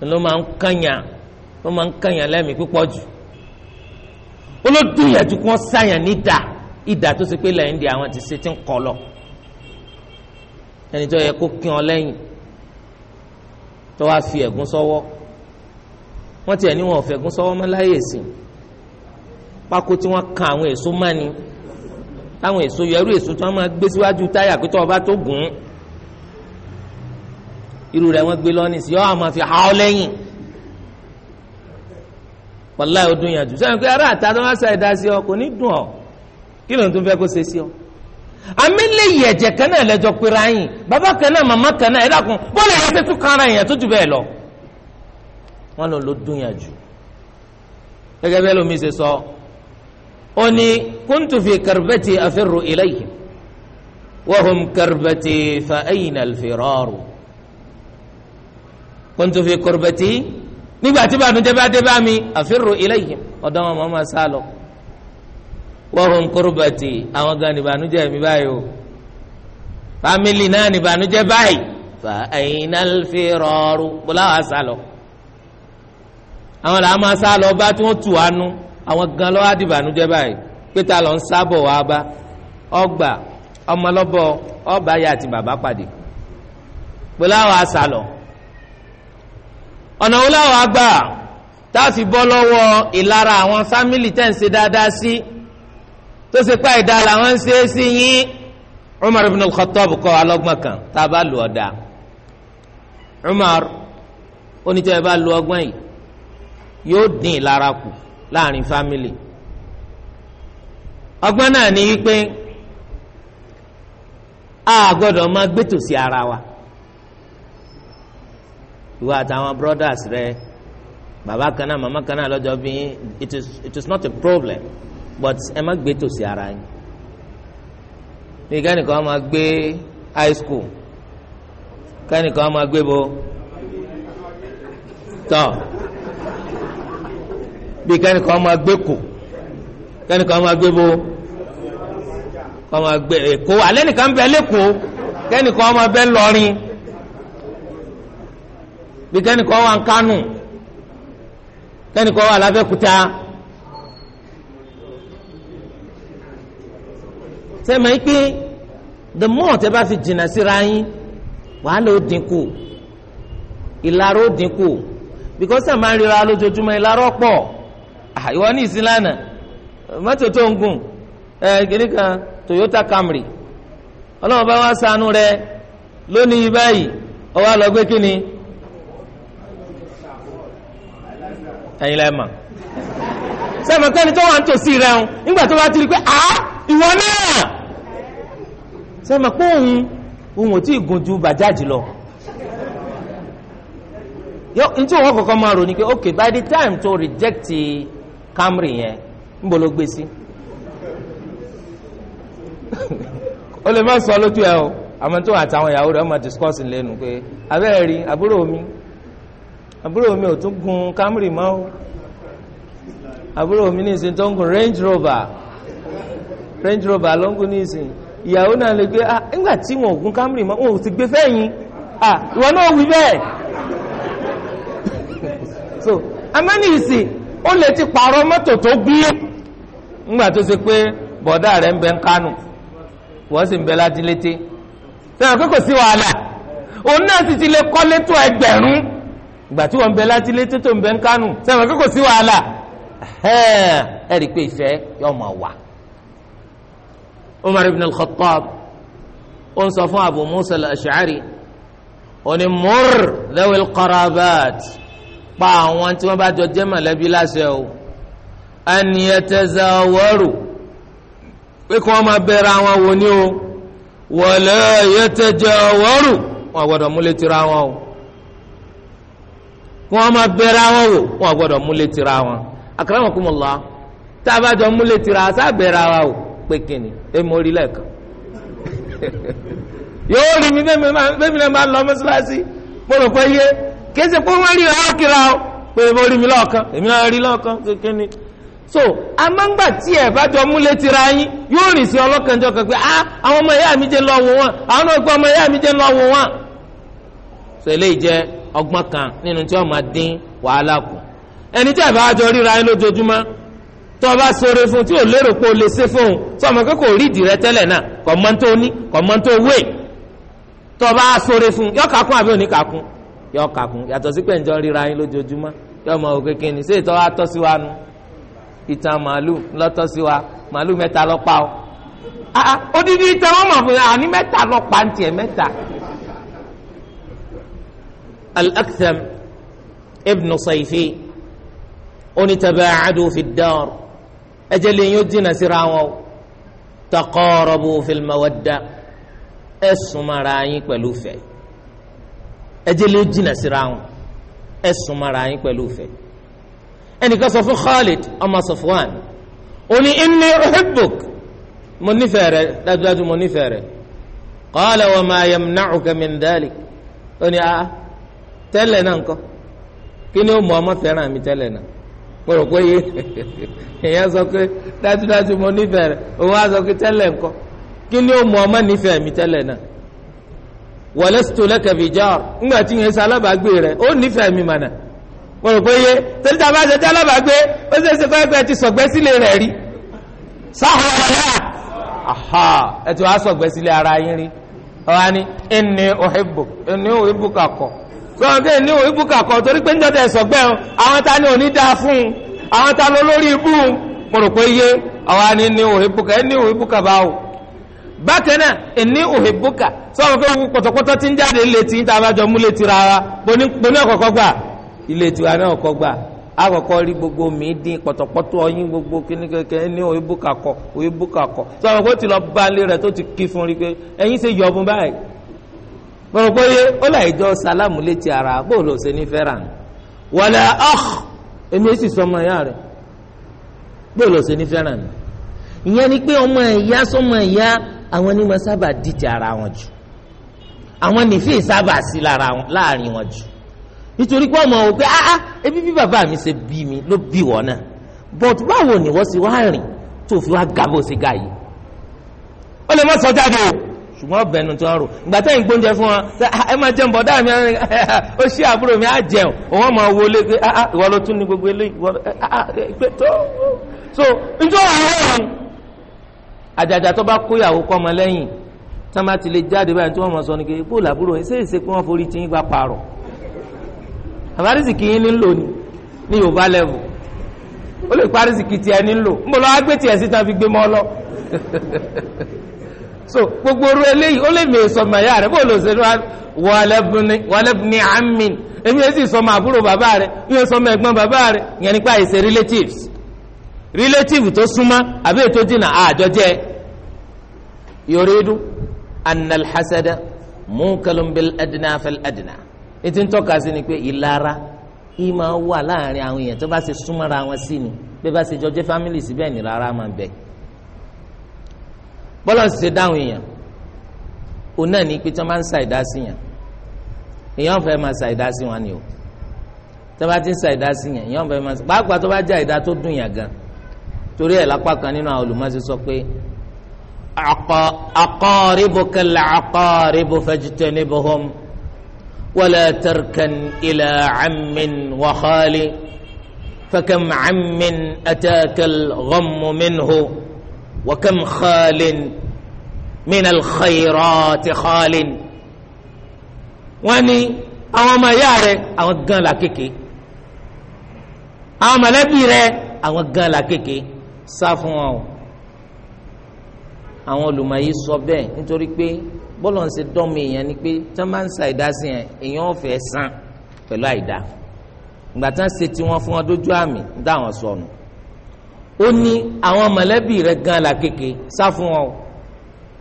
ló máa ń kànyàn ló máa ń kànyàn lẹ́mìí púpọ̀ jù olódùn yẹn ju kí wọ́n sàyàn nídà ìdà tó ṣe pé lẹ́yìn di àwọn ti ṣe ti ń kọ́ lọ ẹni tó yẹ kó kí wọn lẹ́yìn tó wá fi ẹ̀gún sọ́wọ́ wọ́n tiẹ̀ ní wọn ò sọ́wọ́ mọ́ láyé sí pákó tí wọ́n kan àwọn èso mọ́ni táwọn èso yọ ẹrú èso tí wọ́n máa gbé síwájú táyà pé tó ọba tó gùn ún irú rẹ̀ wọ́n gbé lọ́nì sí ọ́ àmọ́ fi ha ọ́ lẹ́yìn pọ̀lá ọdún yànjú sẹ́yìn pé ará àtàdán wá sá ẹ̀dá sí ọ kò ní dùn ọ kí ló ń tún fẹ́ kó ṣe sí ọ. àmì lè yẹ ẹ̀jẹ̀ kan náà lẹ́jọ́ pera yín bàbá kan náà màmá kan náà ẹ̀dá kun bọ́ọ̀lù ẹ̀yà tó tún kan yẹn tó jù bẹ́ẹ̀ lọ. wọ́n lọ ló dùn yànjú. gẹ́gẹ́ bẹ́ẹ̀ lómi ṣe sọ ó ní kúntù fi kàrbẹ́tì afẹ́rù ilayhim wa hum kàrbẹ́tì fa ayna al-firaru kuntu fi kurbati nígbà tí bàtúndé bá dé bá mi àfihàn ilayhim ọ̀dọ́ wọn máa ma sá lọ wọ́n kurbati àwọn gan nìbànújẹ́ mi báyìí o fámìlì náà nìbànújẹ́ báyìí fa ayna al-firaru bọ́lá wa sá lọ àwọn làá máa sá lọ bá tí wọ́n tù wá àwọn gan lọ́wọ́ àdìbànújẹ́ báyìí pété àlọ́ sábọ̀ wá bá ọgbà ọmọlọ́bọ ọba àti bàbá pàdé pẹ̀lú àwọn àṣà lọ ọ̀nà wo láwọn àgbà tá a fi bọ́ lọ́wọ́ ìlara àwọn fámìlì tẹ̀ ń ṣe dáadáa sí tó ṣe pa ìdá làwọn ń ṣe é sí yín Umar ibn al-Khattab kọ́ alọ́gbọ́n kan tá a bá lù ọ́ Umar onítọ̀ ẹ bá lu ọgbọ́n yìí yóò dín ìlara kù láàrin fámìlì ọgbọ́n náà ní wípé a gbọ́dọ̀ máa gbẹ́tò sí ara wa ìwọ àtàwọn brothers rẹ bàbá kan náà màmá kan náà lọ́jọ́ bí it is it is not a problem but ẹ má gbé tòsí ara yín bí kẹ́nìkan máa gbé high school kẹ́nìkan máa gbé bo tọ́ bí kẹ́nìkan máa gbé kù kẹ́nìkan máa gbé bo kọ́ gbé èkó alẹ́ nìkan bẹ́ẹ̀ lẹ́kọ̀ọ́ kẹ́nìkan máa bẹ́ẹ̀ lọ́rin. bí kẹ́nìkan wà ń kánù kẹ́nìkan wà lábẹ́kúta sẹ́mi yìí pé the more tẹ́ bá fi jìnnà síra yín wàhálà ó dínkù ìlara ó dínkù because ẹ̀ máa ń ríra lójoojúmọ́ ìlara ọ̀pọ̀ ìwọ ní ìsìn lánàá mọ́tò tó ń gùn ẹ̀ kìnnì kan Toyota Camry ọlọ́run bá wá ṣàánú rẹ lónìí báyìí ọwọ́ àlọ́gbé kínni. ẹ̀yin lẹ́ẹ̀ sẹ́mi pẹ́ni tó wà nítòsí rẹ̀ ń nígbà tó bá ti rí pé a ìwọ náà sẹ́mi pé òun òun ò tí ì gùn ju bàjáàjì lọ ntí wọn kọ́kọ́ máa rò pé ok by the time to reject Camry yẹn ń bọ̀ ló gbé sí o lè má sọ lójú ẹ o àmọ́ tó àtàwọn ìyàwó rẹ̀ ọmọ lẹ́nu pé abẹ́rẹ́ rí àbúrò mi àbúrò mi ò tún gun Camry mọ́ o àbúrò mi ní ìsìn tó ń gun Range Rover Range Rover ló ń gun ní ìsìn ìyàwó náà lè gbé ah nígbà tí wọn ò gun Camry mọ́ wọn ò ti gbé fẹ́yìn ah ìwọ náà wí bẹ́ẹ̀ so amẹ́ni ìsìn ó lè ti pààrọ̀ mọ́tò tó gbé nígbà tó ṣe pé bọ̀dá rẹ̀ ń bẹ ń kánú wọ́n sì ń bẹ láti létí sẹ́wọ̀n pé kò sí wàhálà òun náà sì ti lè kọ́ létò ẹgbẹ̀rún. ìgbà tí wọ́n ń bẹ láti ilé tó tó ń bẹ ń kánú sẹ́wọ̀n kókò sí wàhálà ẹ rí i pé ìfẹ́ yóò máa wà. Umar ibn al-Khattab ó ń sọ fún Abu Musa al-Ash'ari òní mur lẹ́wẹ̀l qarabat pa àwọn tí wọ́n bá jọ jẹ́ mọ̀lẹ́bí láṣẹ o an pé kí wọ́n máa bẹ̀rẹ̀ àwọn wò ní o wala yatajawaru wọn gbọ́dọ̀ múlẹ̀ tira wọn o. kí wọ́n máa bẹ̀rẹ̀ àwọn wò wọ́n gbọ́dọ̀ tira wọn akramakumullah tá a bá jọ múlẹ̀ tira a sá bẹ̀rẹ̀ àwa wò pé kíni èmi ò ma lẹ́ẹ̀kan yóò rí mi bẹ́ẹ̀ mi máa lọ mọ́ṣáláṣí mo rò pé yé kéésì pé wọ́n rí ọ kíra o pé mi lọ́ọ̀kan èmi náà so amangba tí ẹ bá jọ múlẹ̀ tira yín yóò rìn sí ah àwọn ọmọ mi jẹ́ lọ́wọ́ wọn àwọn ọmọ ọgbọ́n kan nínú tí wọ́n máa dín wàhálà kù ẹni tí àbá àjọ ríra ẹ lójoojúmọ́ tó o bá sọre fún tí o lérò pé o lè ṣe fún un tó o mọ̀ pé kò rí ìdí rẹ tẹ́lẹ̀ náà kò mọ̀ tó ní kò mọ̀ tó wé tó o bá sọre fún yọ kakún àbí òní kakún yọ kakún yàtọ̀ sí pé ǹjọ́ ríra ẹ lójoojúmọ́ yọ ọmọ òkè kìíní ṣé ìtọ́ wa tọ́ sí wa nu ìtàn màálù lọ́tọ́ sí wa màálù mẹ́ta lọ́pàá o odidi ìtàn wọn mọ̀ fún yà á ní mẹ́ta lọ́pàá ntìẹ̀ mẹ́ta الأكثم ابن صيفي أن تباعدوا في الدار أجل يجن سراو تقاربوا في المودة رايك ولوفي أجل يجن سراو سراوا رايك ولوفي أني كصف خالد أما صفوان أني إني أحبك من لا تلاجم من قال وما يمنعك من ذلك أني آه tẹ́lẹ̀ náà ńkọ́ kí ni ó mọ ọmọ fẹ́ràn mi tẹ́lẹ̀ náà mo rò pé yé èèyàn sọ pé dájúdájú mo nífẹ̀ẹ́ rẹ̀ òun á kí ni ó mọ ọmọ nífẹ̀ẹ́ mi tẹ́lẹ̀ náà walastu laka bi ńgbà tí yẹn sọ alábàágbé rẹ̀ ó nífẹ̀ẹ́ mi mànà mo rò pé yé torí alábàágbé ó ti rẹ̀ rí sáhàlá ara yín rí gbọ́n tẹ́ ní òun ibùkà kan torí pé níjọ́ tẹ̀ sọ̀gbẹ́ o àwọn ta ni òní dáa fún un àwọn ta ló lórí ibú mo pé yé àwa ni ní òun ibùkà ẹ ní òun ibùkà bá o bákan náà ẹni òun ibùkà sọ̀rọ̀ pé pọ̀tọ̀pọ̀tọ̀ ti ń jáde létí tá a bá jọ mú létí ra wa boní ọ̀kọ̀ọ̀kọ̀ gbà ilé tiwa náà ọ̀kọ̀ gbà àkọ́kọ́ rí gbogbo mi dín pọ̀tọ̀pọ̀tọ̀ ọyìn gbogbo kíní kẹkẹ ní òun ibùkà kọ òun ibùkà kọ sọ̀rọ̀ pé ó ti lọ bá ilé rẹ̀ tó ti kí fún rí pé ẹ̀yin ṣe yọ̀ ọ̀bùn mọ̀rọ̀ pé ó là ìjọ sálámù létí ara bó ló ṣe ní fẹ́ràn wàlẹ̀ ọ́h èmi sì sọmọ ìyá rẹ̀ bó ló ṣe ní fẹ́ràn ìyẹn ni pé ọmọ ìyá sọmọ ìyá àwọn ni wọn sábà dìtẹ̀ ara wọn jù àwọn nìfín sábà sí láàrin wọn jù nítorí pé ọmọ òun pé ebi bí bàbá mi ṣe bí mi ló bí wọn náà but báwo ni wọ́n ṣe wá rìn tó fi wá gàbó sí gàyè ó lè má sọ jáde o ṣùgbọ́n ọ̀bẹ̀nu tó ń rò ìgbà tẹ́yìn gbóúnjẹ fún wọn ah, ẹ máa jẹun bọ̀dá mi ó ṣí àbúrò mi á ah, jẹun òun máa wọlé pé ah, ìwọ ló tún ní gbogbo eléyìí pé tó so njọ́ àwọn àjàjà tó bá kó ìyàwó kọ́ ọmọ lẹ́yìn tí wọ́n bá ti lè jáde báyìí tí wọ́n mọ̀ sọ ni kékeré bó làbúrò ẹ̀ ṣe é ṣe wọ́n forí ti ń gba pààrọ̀ àbárísì kì í nílò ni ní yorùbá level ó lè parí sì kì í tiẹ̀ nílò ń bọ̀ lọ́wọ́ á gbé tiẹ̀ sí fi gbé mọ́ lọ. so gbogbo oru eléyìí ó lè mi sọmọ ya rẹ bó ló ṣe wàlẹ́bùnì àmì èmi èsì sọmọ àbúrò bàbá rẹ mi ò sọmọ ẹ̀gbọ́n bàbá rẹ yẹn nípa ìṣe relatives relatives tó súnmọ́ àbí ètò jìnnà àjọ jẹ́ yoridu anal hasada adina fil adina ètò ń tọ́ka sí ni pé ìlara ìmọ̀ wà láàrin àwọn èèyàn tó bá ṣe súnmọ́ra wọn sí ni bí bá ni rárá bọ́lá ń ṣe dáhùn èèyàn òun náà ní pé tí wọ́n máa ń sa ìdá sí yàn èèyàn fẹ́ máa sa ìdá sí wọn ni o tí wọ́n bá ti ń sa ìdá sí yàn èèyàn fẹ́ máa sa pàápàá tó bá jẹ́ ìdá tó dùn yàn gan torí ẹ̀ lápá kan nínú àwọn olùmọ̀ọ́sẹ̀ sọ pé aqaribuka al-aqaribu fajtanibuhum wala tarkan ila ammin wa khali fakam ammin ataka al-ghammu minhu. وكم خال من الخيرات خال واني àwọn ما ìyá rẹ àwọn gan la kéke àwọn mọ̀lẹ́bí rẹ àwọn gan la kéke sá fún wọn o àwọn olùmọ̀yé sọ bẹ́ẹ̀ nítorí pé bọ́lọ̀ ń ṣe dọ́mọ èèyàn ni pé tí wọ́n bá ń sa ìdá sí yẹn èèyàn ò fẹ́ san pẹ̀lú àìdá ìgbà tí wọ́n ṣe tiwọn fún wọn dójú àmì ń dá wọn sọnù ó ní àwọn mọ̀lẹ́bí rẹ̀ gan la kéke sá fún wọn o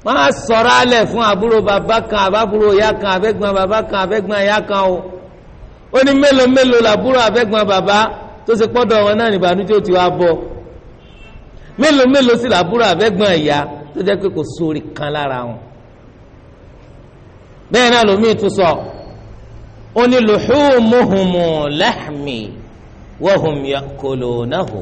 wọ́n á sọ̀rọ̀ alẹ̀ fún àbúrò bàbá kan àbábúrò ìyá kan àbẹ́gbọ́n bàbá kan àbẹ́gbọ́n ìyá kan o ó ní mélòó mélòó làbúrò àbẹ́gbọ́n bàbá tó ṣe pọ́dọ̀ wọn náà nìbànújẹ́ ti wá bọ̀ mélòó mélòó sì làbúrò àbẹ́gbọ́n ìyá tó jẹ́ pé kò sórí kan lára wọn bẹ́ẹ̀ náà lómi tún sọ ó ní luhumuhumu lahmi wahum yakulunahu.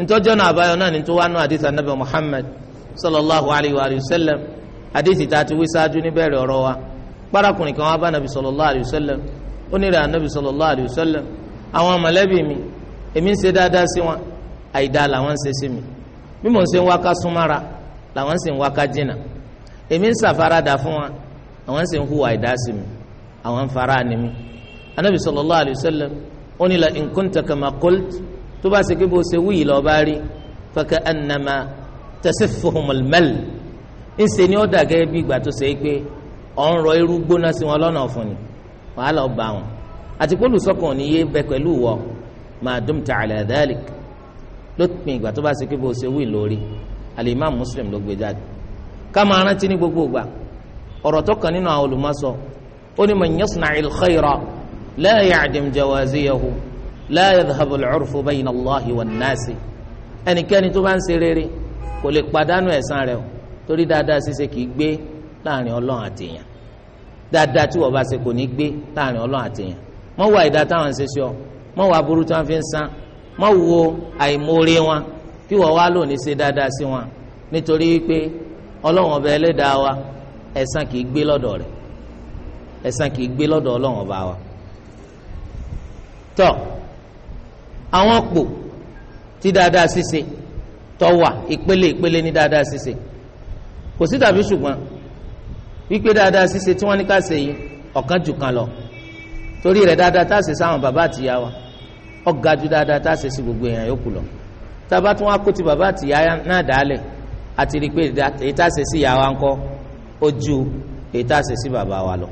ntọ́jọ́ náà àbáyọ náà ní tó wá nù àdìsí anábẹ́ Muhammad sallallahu alayhi wa sallam àdìsí tá a ti wí sáájú níbẹ̀rẹ̀ ọ̀rọ̀ wa kparakùnrin kan wá bá nàbì sallallahu alayhi wa sallam ó ní rẹ̀ ànábì sallallahu alayhi wa sallam àwọn mọ̀lẹ́bí mi èmi ń ṣe dáadáa sí wọn àìdáa làwọn ń ṣe sí mi bí mò ń ṣe ń wá ká súnmára làwọn ń ṣe ń jìnnà èmi ń ṣàfaradà fún wọn àwọn ń ṣe ń hùwà sí mi àwọn ń fara ni mi sallallahu alayhi wa sallam ó ní la in kunta tó bá ṣe pé bó ṣe wúyì lọ bá rí fẹkẹ ẹnàmà tẹsífòhùnmọlmẹl ńṣe ni ó dà gẹ́gẹ́ bí ìgbà tó ṣe é pé ọ̀ ń rọ irú gbóná sí wọn lọ́nà ọ̀fun ni wàhálà ọba wọn àti pé olùsọkàn ò ní yé bẹ pẹ̀lú wọ máa dùn tà àlẹ́ ló pin ìgbà tó bá ṣe bó ṣe wúyì lórí alimami muslim ló gbé jáde ká máa ní gbogbo ìgbà ọ̀rọ̀ tó kàn nínú àwọn olùmọ̀sọ ó ní man yasna'il khayra la ya'dim jawaziyahu la yadhhabu al-'urfu bayna Allahi wan-nasi ẹnikẹ́ni tó bá ń ṣe rere kò lè padànù ẹ̀san rẹ̀ o torí dáadáa ṣíṣe kì í gbé láàrin ọlọ́run àti èèyàn dáadáa tí wọ́n bá ṣe kò ní gbé láàrin ọlọ́run àti èèyàn mọ́ wo àìdá táwọn ń ṣe sọ mọ́ wo aburú tí wọ́n fi ń san mọ́ wo àìmoore wọn kí wọ́n wá lónìí ṣe dáadáa sí wọn nítorí wípé ọlọ́run ọba ẹlẹ́dàá wa ẹ̀san kì í gbé lọ́dọ̀ rẹ̀ ẹ̀san kì í gbé lọ́dọ̀ ọlọ́run ọba wa àwọn pò tí dáadáa ṣíṣe tọ́wà ìpele ìpele ní dáadáa ṣíṣe kò sí tàbí ṣùgbọ́n wípé dáadáa ṣíṣe tí wọ́n ní ká ṣe yìí ọ̀kan jù kan lọ torí rẹ̀ dáadáa tá a ṣe sáwọn bàbá àtìyá wa ọ̀gá ju dáadáa tá a ṣe sí gbogbo èèyàn yòókù lọ tába tí wọ́n á kó ti bàbá àtìyá náà dálẹ̀ àti rí pé èyí tá a ṣe sí ìyá wa ńkọ́ ó ju èyí tá a ṣe sí bàbá wa lọ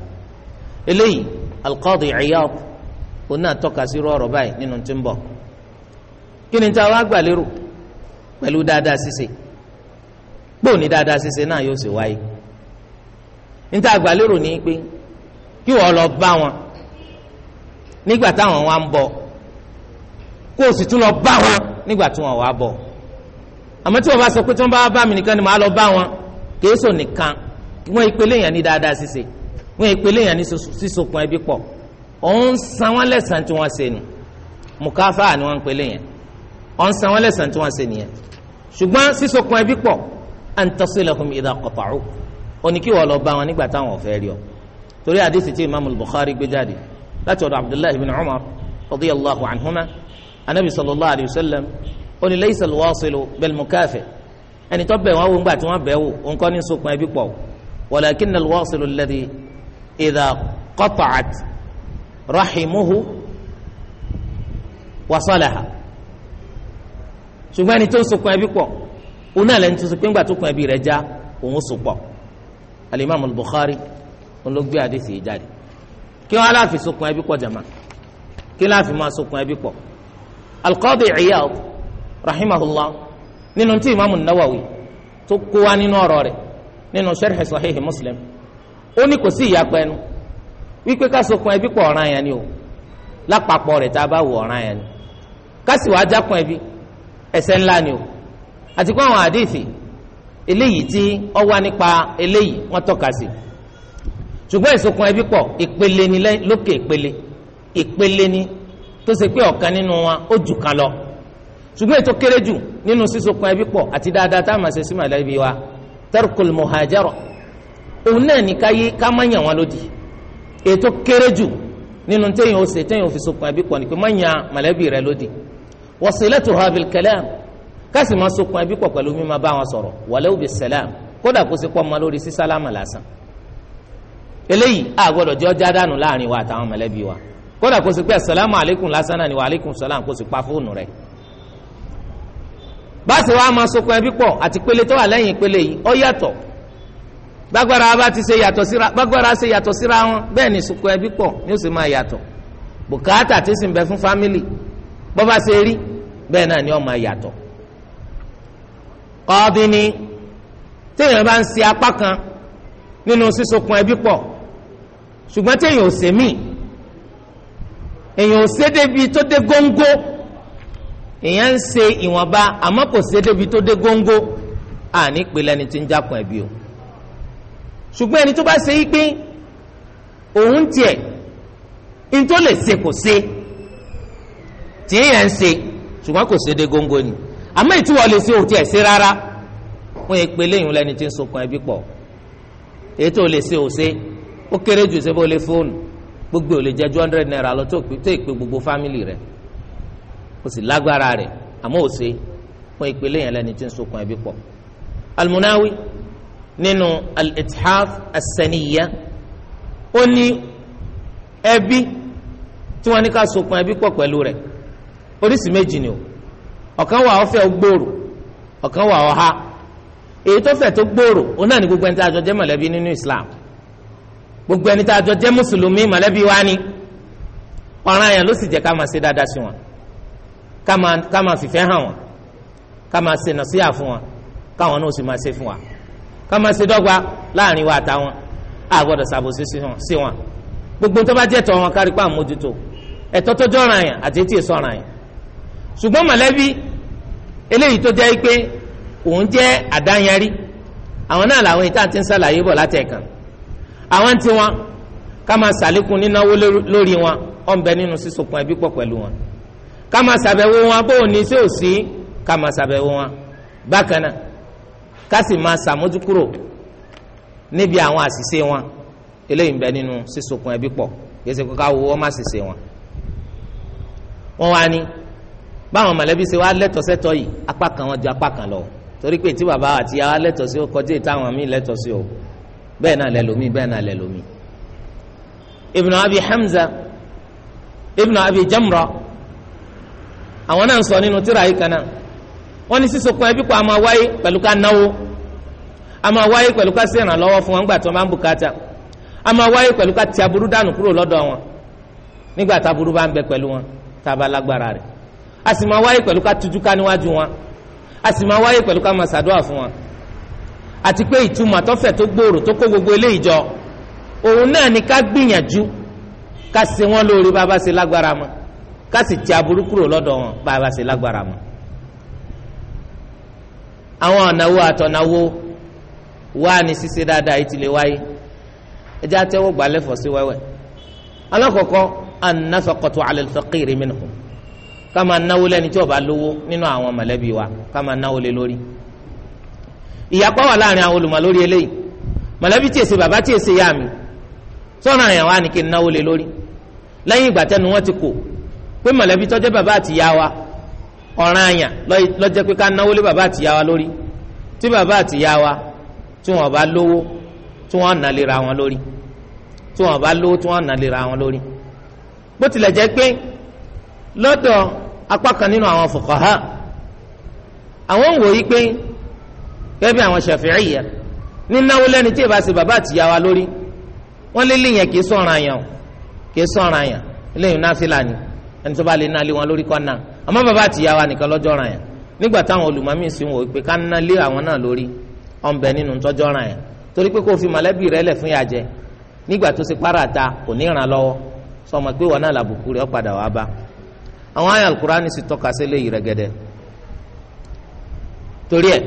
eléyìí alqadi Iyad òun náà tọ́ka sí rọ́ọ̀rọ̀ báyìí nínú tí ń bọ̀ kí ni ta wá gbà lérò pẹ̀lú dáadáa ṣíṣe gbóò ní dáadáa ṣíṣe náà yóò ṣe wáyé níta gbà lérò ní pé kí wọ́n lọ bá wọn nígbà táwọn wá ń bọ̀ kó o sì tún lọ bá wọn nígbà tí wọ́n wá bọ̀ àmọ́ tí wọ́n bá sọ pé tí wọ́n bá bá mi nìkan ni màá lọ bá wọn kìí sọ nìkan wọ́n ìpele yẹn ní dáadáa ṣíṣe wọ́n ìpele yẹn ní sísokùn ẹbí pọ̀ òun san wọn lẹ́sàn tí wọ́n ṣe nù mùkáfà ni wọ́n ń pele yẹn ọ̀n san wọn lẹ́sàn tí wọ́n ṣe nìyẹn ṣùgbọ́n sísokun ẹbí pọ̀ à ń tasilahum idha qata'u òní kí wọ́n lọ bá wọn nígbà táwọn ọ̀fẹ́ rí ọ torí àdìsí tí imaamu Bukhari gbé jáde láti ọ̀dọ̀ Abdullahi bin Umar radiyallahu anhuma anabi sallallahu alayhi wa sallam ó ní laysa al-wasilu bil-mukafi ẹni tó bẹ̀ wọ́n wo ńgbà tí wọ́n ṣùgbọ́n ẹni tó ń sokun ẹbí pọ̀ òun náà lẹni tó sọ pé ńgbà tó kun ẹbí rẹ̀ já òun so pọ̀ alimami Bukhari òun ló gbé àdéhìí jáde kí wọn aláàfin sokun ẹbí pọ̀ jama kí láàfin máa sokun ẹbí pọ̀ Al-Qadi Iyad rahimahullah nínú tí imaamu Nawawi tó kó wa nínú ọ̀rọ̀ rẹ̀ nínú sharhi sahihi Muslim ó ní kò sí ìyapa ẹnu wípé ká sokun ẹbí pọ̀ ọ̀ràn yẹn ni o lápapọ̀ rẹ̀ tá a bá wò ọ̀ràn yẹn ni ká sì ẹbí ẹ̀ṣẹ̀ ńlá ni o àti kó àwọn àdéhìí eléyìí tí ó wá nípa eléyìí wọ́n tọ́ka sí ṣùgbọ́n ìsokùn ẹbí pọ̀ ìpele ni lókè ìpele ìpele ni tó ṣe pé ọ̀kan nínú wọn ó jù kan lọ ṣùgbọ́n ètò kéré jù nínú sísokùn ẹbí pọ̀ àti dáadáa tá a máa ṣe sí màlẹ́bí wa tarkul muhajara òun náà ní káyé ká má yàn wọn lódì ètò kéré jù nínú téèyàn ó ṣe téèyàn ó fi sokùn ẹbí pọ̀ ni pé má yàn màlẹ́bí rẹ lódì wasilatuha bil kalam kásì máa sokun ẹbí pọ̀ pẹ̀lú mímá bá wọn sọ̀rọ̀ walau bis salam kódà kó sì pọ̀ mọ́ lórí sísálámà lásán eléyìí a gbọ́dọ̀ jẹ́ ọjà dànù láàrin wa àtàwọn mọ̀lẹ́bí wa kódà kó sì pé assalamu alaikum lásán náà ni wa alaikum salam kó sì pa fóònù rẹ̀ báàsì wa máa sokun ẹbí pọ̀ àti pélé tó wà lẹ́yìn pélé yìí ó yàtọ̀ bágbára bá ti ṣe yàtọ̀ síra bágbára ṣe yàtọ̀ síra wọn bẹ́ẹ̀ ni sokun ẹbí pọ̀ ni ó sì máa yàtọ̀ bùkátà ti sì bẹ fún fámìlì bọ́ba ṣe rí bẹ́ẹ̀ náà ni ó máa yàtọ̀ kọ́ọ́dín ni téèyàn bá ń ṣe apá kan nínú sísokùn ẹbí pọ̀ ṣùgbọ́n téèyàn ò ṣe míì èèyàn ò ṣe débi tó dé góńgó èèyàn ń ṣe ìwọ̀nba àmọ́ kò ṣe débi tó dé góńgó àní ìpìlẹ̀ ni ti ń jákun ẹbí o ṣùgbọ́n ẹni tó bá ṣe yí pé òun tiẹ̀ ní tó lè ṣe kò ṣe tí èèyàn ń ṣe ṣùgbọ́n kò ṣe dé góńgó ni àmọ́ ètí wọ́n lè ṣe òtí ẹ̀ ṣe rárá wọ́n yẹ pé léyìn lẹ́ni tí ń sokun ẹbí pọ̀ èyí tó lè ṣe òṣe ó kéré jù ṣe bó fóònù gbogbo ò lè jẹ́ two hundred naira lọ tó ìpè gbogbo fámìlì rẹ̀ kò sì lágbára rẹ̀ àmọ́ òṣe wọ́n yẹ pé léyìn lẹ́ni tí ń sokun ẹbí pọ̀ almunawi nínú al-ithaf as ó ní ẹbí tí wọ́n ní ká sokun ẹbí pọ̀ pẹ̀lú rẹ̀ oríṣi méjì ni o ọ̀kan wà ọ̀fẹ́ gbòòrò ọ̀kan wà ọ̀ha èyí tó fẹ̀ tó gbòòrò òun náà ni gbogbo ẹni tá a jọ jẹ́ mọ̀lẹ́bí nínú Islam gbogbo ẹni tá a jọ jẹ́ mùsùlùmí mọ̀lẹ́bí wa ni ọ̀ràn yẹn ló sì jẹ́ ká máa ṣe dáadáa sí wọn ká máa fìfẹ́ hàn wọn ká máa ṣe nàṣíyà fún wọn káwọn náà sì máa ṣe fún wa ká máa ṣe dọ́gba láàrin wa àtàwọn àgbọ̀dọ̀ ṣàbòsí sí wọn gbogbo tó bá jẹ́ tọ́ wọn kárí pa àmójútó ẹ̀tọ́ tó jọ́ràn yẹn àti etí ìsọ̀ràn yẹn ṣùgbọ́n mọ̀lẹ́bí eléyìí tó jẹ́ pé òun jẹ́ àdáyanrí àwọn náà làwọn ìta ti ń ṣàlàyé bọ̀ látẹ̀kàn àwọn tí wọn ká máa ṣàlékún nínáwó lórí wọn ọ̀n bẹ nínú sísokùn ẹbí pọ̀ pẹ̀lú wọn ká máa ṣàbẹ̀wò wọn bó o ní sí òsì ká máa ṣàbẹ̀wò wọn bákan náà ká sì máa ṣàmójúkúrò níbi àwọn àṣìṣe wọn eléyìí ń bẹ nínú sísokùn ẹbí pọ̀ gbèsè báwọn mọ̀lẹ́bí ṣe wá lẹ́tọ̀ọ́ sẹ́tọ̀ọ́ yìí apá kan wọn ju apá kan lọ torí pé tí bàbá àti ìyá lẹ́tọ̀ọ́ sí ó kọjá ìtàwọn o bẹ́ẹ̀ náà lẹ lómi bẹ́ẹ̀ náà lẹ lómi. abi hamza abi jamra àwọn náà ń sọ nínú tíra yìí ní ẹbí a wáyé pẹ̀lú ká náwó a wáyé pẹ̀lú ká ṣèrànlọ́wọ́ fún wọn tí wọ́n bá ń wáyé pẹ̀lú ká ti aburú a sì máa wáyé pẹ̀lú ká tujú ká níwájú wọn a sì máa wáyé pẹ̀lú ká máa ṣàdúrà fún wọn àti pé ìtumọ̀ àtọ́fẹ̀ tó gbòòrò tó kó gbogbo eléyìí jọ òun náà ni ká gbìyànjú ká ṣe wọn lóore bá a bá ṣe lágbára mọ́ ká sì ti aburú kúrò lọ́dọ̀ wọn bá a bá ṣe lágbára mọ́ àwọn ọ̀nàwó àtọ̀nàwó wá ní ṣíṣe dáadáa yìí ti lè wáyé ẹjẹ́ àtẹ́wọ́ gbà sí wẹ́wẹ́ alákọ̀ọ́kọ́ an Kama máa náwó lẹ́ni tí ó bá lówó nínú àwọn mọ̀lẹ́bí wa ká máa náwó lé lórí ìyapa wà láàrin àwọn olùmọ̀ lórí eléyìí mọ̀lẹ́bí tí èsè bàbá tí èsè yá mi sọ̀rọ̀ àyàn wa ni kí n náwó lé lórí lẹ́yìn ìgbà tẹnu wọn ti kò pé mọ̀lẹ́bí tó jẹ́ bàbá àti yá wa ọ̀ràn àyàn ló jẹ́ pé ká náwó lé bàbá àti yá wa lórí tí bàbá àti yá wa tí wọn bá lówó tí wọn nà lera wọn lórí tí wọn bá lówó tí wọn nà lera wọn lórí bó tilẹ̀ jẹ́ pé lọ́dọ̀ apá kan nínú àwọn fuqaha àwọn ń wò yí pé gẹ́gẹ́ bí àwọn Shafi'iyya nínáwó lẹ́ni tí ìbá ṣe bàbá àtìyá wa lórí wọ́n lé léyìn kì í sọ̀ràn àyàn kì í sọ̀ràn àyàn léyìn násìlà ni ẹni tó bá lè nálé wọn lórí kọ́nà àmọ́ bàbá àtìyá wa nìkan lọ́jọ́ ràn yàn nígbà táwọn olùmọ̀mí sì wò pé ká ná lé àwọn náà lórí ọ̀nbẹ nínú tọ́jọ́ ràn yàn torí pé kó fi mọ̀lẹ́bí rẹ lẹ̀ fún yà jẹ nígbà tó ṣe párata kò ní ràn lọ́wọ́ sọmọ pé wọn náà làbùkù rẹ padà wá bá àwọn àyà alukurani sì tọ́ka sí léyìí rẹ́gẹ́dẹ́ torí ẹ̀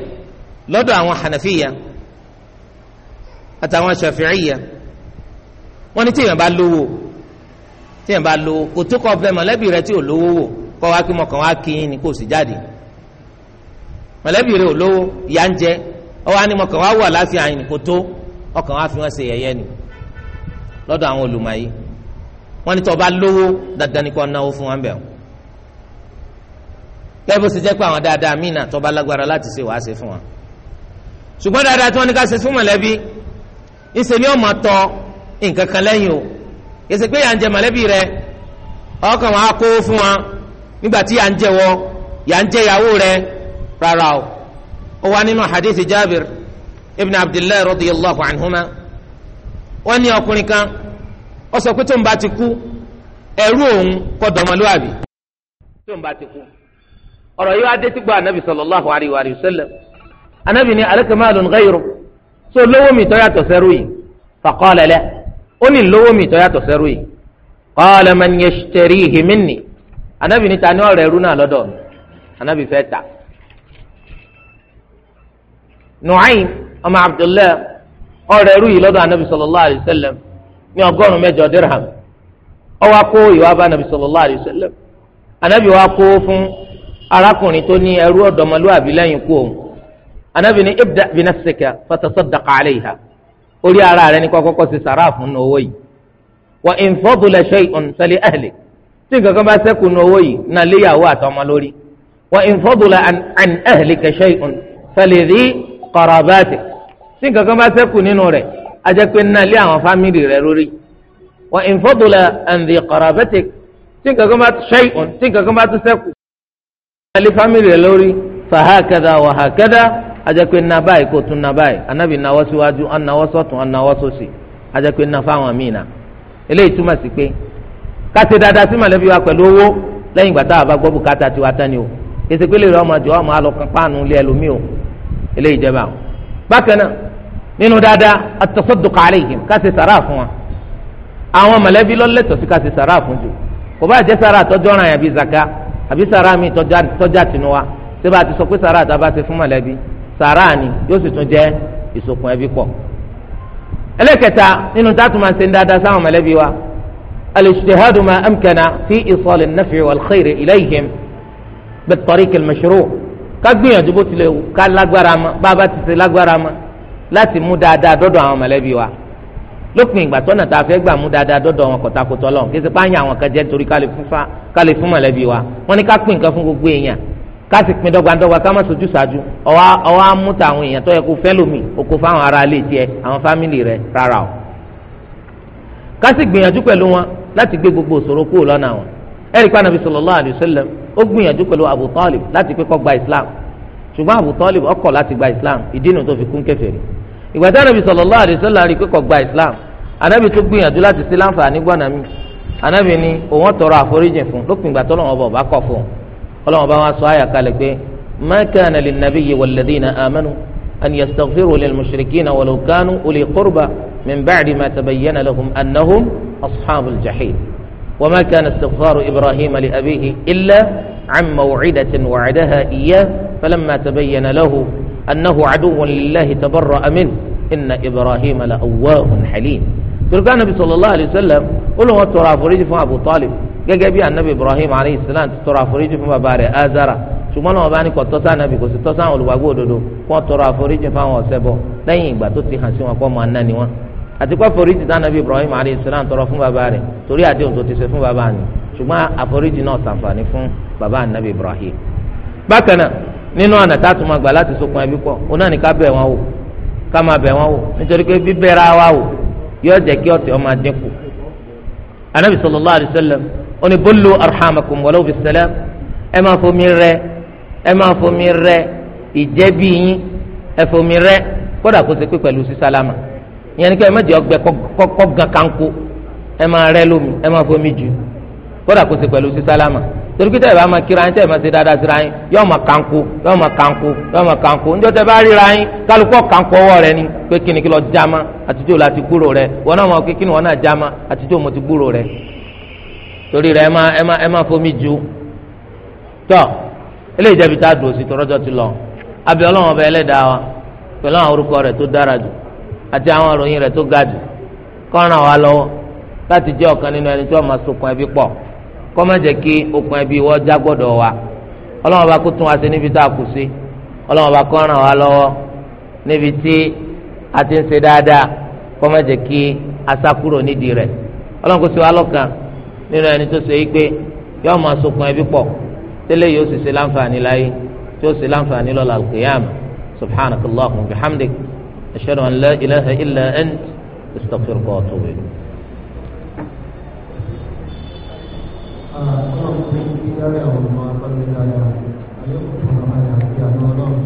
lọ́dọ̀ àwọn hanafiya àtàwọn ṣàfíìyà wọ́n ní tíyẹn bá lówó tíyẹn bá lówó kò tó kọ́ bẹ́ẹ̀ rẹ tí ò lówó wò wá kí mọ̀kàn wá kí ni kò sì jáde rẹ ò lówó ìyá ń jẹ àni wá kò tó ọkàn wá fi ṣe ni àwọn yìí bá lówó o. kẹ́bù sì jẹ́ pé àwọn dáadáa mí náà tọ́ba lágbára láti ṣe wàá fún wa ṣùgbọ́n dáadáa tí wọ́n ní ká ṣe ni tọ nǹkan kan o èsì pé yà jẹ mọ̀lẹ́bí rẹ ọkàn wọn á kó fún wa nígbà tí yà jẹ wọ jẹ ìyàwó rẹ rárá o ó wà nínú hadith Jabir ibn Abdullahi radiyallahu anhuma wọ́n ní ọkùnrin kan ó sọ pé bá ti ku òun kọ́ dọ̀mọ́lúwàbí bá ti ọ̀rọ̀ yìí wá dé tí gba anabi sallallahu alayhi wa sallam anabi ni alakamalun ghayru so lówó mi tó yàtọ̀ sẹ́rù yìí faqala la ó ní lówó mi tó yàtọ̀ sẹ́rù yìí qala man yashtarihi minni anabi ni ta ni ọ̀rọ̀ ẹrú náà lọ́dọ̀ mi anabi fẹ́ ta nu'aym ọmọ abdullahi ọ̀rọ̀ ẹrú yìí lọ́dọ̀ anabi sallallahu alayhi wa sallam ní ọgọ́rùn-ún mẹ́jọ arákùnrin tó ní ẹrú ọ̀dọ́mọlúwàbí lẹ́yìn kú òun anabi ni ibda binafsika fatasaddaqa alayha orí ara rẹ ní kọ́kọ́kọ́ sí sàrà fún ní owó yìí wa in fadula shay'un fali ahlik tí nǹkan kan bá ṣẹ́kù ní owó yìí náà léyàwó àtọmọ lórí wa in fadula an ahlika shay'un fali dhi qarabatik tí nǹkan kan bá ṣẹ́kù nínú rẹ̀ ajẹ́ pé náà lé àwọn fámìlì rẹ̀ lórí wa in fadula an dhi tí nǹkan kan bá ṣẹ́kù lé fámìlì rẹ lórí fàhákàdà wàhákàdà ajakpe nna báyìí kò tún nna báyìí anabi nawọ́ síwájú anawọ́ sọ́tún anawọ́ sósì ajakpe nna fáwọn míì náà eléyìí túmọ̀ sí pé kásì dáadáa sí mọ̀lẹ́bí wa pẹ̀lú owó lẹ́yìn ìgbà táwa gbọ́ bùkátà tiwa tán o èsì pé lè rọ ọmọ jọ ọmọ alọ kan páànù lé ẹlòmíì o eléyìí jẹba o bákan náà nínú dáadáa at-tasadduq alayhim kásì sàrà fún wa àwọn mọ̀lẹ́bí lọ́lẹ́tọ̀ sí kásì sàrà fún jù kò bá jẹ́ sàrà àtọ́jọ́ ọ̀ràn yẹn bíi zaka àbí sàrà mi tọ́jà tinú wa síbà ti sọ pé sàrà àtàbà ti fún mọ̀lẹ́bí sàrà ni yóò sì tún jẹ́ ìsokùn ẹbí pọ̀. ẹlẹ́kẹta nínú táàtù máa ń ṣe dáadáa sáwọn mọ̀lẹ́bí wa al-ijtihadu ma amkana fi isal an-naf'i wal-khayri ilayhim bit ká gbìyànjú bó tilẹ̀ ká lágbára ma bá a bá ti ṣe lágbára ma láti mú dáadáa dọ́dọ̀ àwọn mọ̀lẹ́bí wa lópin ìgbà tọ́nà tá a fẹ́ gbà mú dáadáa dọ́dọ̀ wọn kọ̀tà kó tọ́lọ̀ kí sèpá yàn àwọn kan jẹ́ nítorí ká lè fún mọ̀lẹ́bí wa wọ́n ní ká pín nǹkan fún gbogbo èèyàn ká sì pín dọ́gbandọ́gba ká má sojú ṣáájú ọwọ́ á mú tàwọn èèyàn tó yẹ kó fẹ́ lómi oko fáwọn ará ilé tiẹ̀ àwọn fámìlì rẹ̀ rárá o. ká sì gbìyànjú pẹ̀lú wọn láti gbé gbogbo òṣòro kúrò lọ́nà wọn ẹ̀rí pa nàbí sallallahu alayhi wa sallam ó gbìyànjú pẹ̀lú Abu Talib láti pé kó gba Islam ṣùgbọ́n Abu Talib ó láti gba Islam ìdí nu tó fi kún kèfèrí ìgbà tí anabi sallallahu alaihi wasallam rí pé kò gba islam anabi tó gbìyànjú láti sí láǹfààní gbọ́nà mi anabi ni òun tọrọ àforíjì fún lópin ìgbà tó lọ́wọ́ bá kọ̀ fún ọlọ́wọ́ bá wọn sọ àyà kalẹ̀ pé ma kana lin nabiyyi walladhina amanu an yastaghfiru lil mushrikina walau kanu uli qurba min ba'di ma tabayyana lahum annahum ashabul jahim وما كان استغفار إبراهيم لأبيه إلا عن موعدة وعدها إياه فلما تبين له أنه عدو لله تبرأ منه إن إبراهيم لأواه حليم تلقى النبي صلى الله عليه وسلم قل هو ترى فريج فما أبو طالب gẹ́gẹ́ bí anabi ibrahim alayhi salam ti tọrọ àforíjì fún bàbá rẹ̀ azara ṣùgbọ́n náà bá ní kò tọ́sà anabi kò sì tọ́sà àwọn olùwàgbọ́ òdodo kó tọrọ àforíjì fáwọn ọ̀ṣẹbọ lẹ́yìn ìgbà tó ti hàn sí wọn kó máa ná ni wọn. àti kó àforíjì tá anabi ibrahim alayhi salam tọrọ fún bàbá rẹ̀ torí àdéhùn tó ti ṣe fún bàbá ni ṣùgbọ́n àforíjì náà ṣàǹfààní fún bàbá anabi ibrahim. bákan náà nínú ọ̀nà tá a tún máa gbà láti sokun ẹbí pọ̀ òun náà ní ká bẹ̀ wọn wò ká máa bẹ̀ wọn wò nítorí pé bíbẹ̀rẹ̀ wa wò yóò jẹ́ kí ọ̀tẹ̀ ọmọ adínkù. anabi sallallahu alayhi wa sallam ó ní arhamakum walaw bis sallam, ẹ máa fomi rẹ ẹ máa fomi rẹ ìjẹ́bí yín ẹ fomi rẹ kódà kó ṣe pé pẹ̀lú sísálámà ìyẹn ni pé ẹ má jẹ́ ọgbẹ́ kọ́kọ́ gan ẹ máa rẹ lómi ẹ máa fomi jù kódà kó ṣe pẹ̀lú sísálámà torikita ìbá ma a yín tẹ́ ẹ̀ ma se dada síra yín yọ́ọ́ ma kanku yọ́ọ́ ma kanku yọ́ọ́ ma kanku ǹjọ́ tẹ́ bá ríra yín kálukọ́ kanku ọwọ́ rẹ ni pé kíni kí lọ jama àtijọ́ la ti gbúrò rẹ wọn náà ma pé kíni wọn náà jama àtijọ́ mo ti gbúrò rẹ torí rẹ ẹ ma ẹ ma ẹ ma fomi ju tọ ilé ìjẹbi ta a dùn tọrọjọ ti lọ abẹ Ọlọ́run ọbẹ Ẹlẹ́dàá wa pẹ̀lú àwọn orúkọ rẹ tó dára jù àti àwọn rẹ tó ga jù wa lọ́wọ́ láti kó má jẹ́ kí okùn ẹbí wọ́n já gbọ́dọ̀ wa ọlọ́wọ́n bá kó tún wa sí níbi tá a kù sí ọlọ́wọ́n bá kó ràn wá lọ́wọ́ níbi tí a ti ń ṣe dáadáa kó má jẹ́ kí a sá kúrò nídìí rẹ̀ ọlọ́wọ́n kó sí wa lọ́kàn nínú ẹni tó ṣe é pé yóò máa sokùn ẹbí pọ̀ tẹ́lẹ̀ yóò sì ṣe láǹfààní láyé tí ó ṣe láǹfààní lọ́la alqiyama subhanakallahumma wa bihamdik ashhadu an ọlọ́run tó ń gbé dáadáa òun máa bá mi dáadáa ayọ́kùnrin máa yà á bí àná ọlọ́run.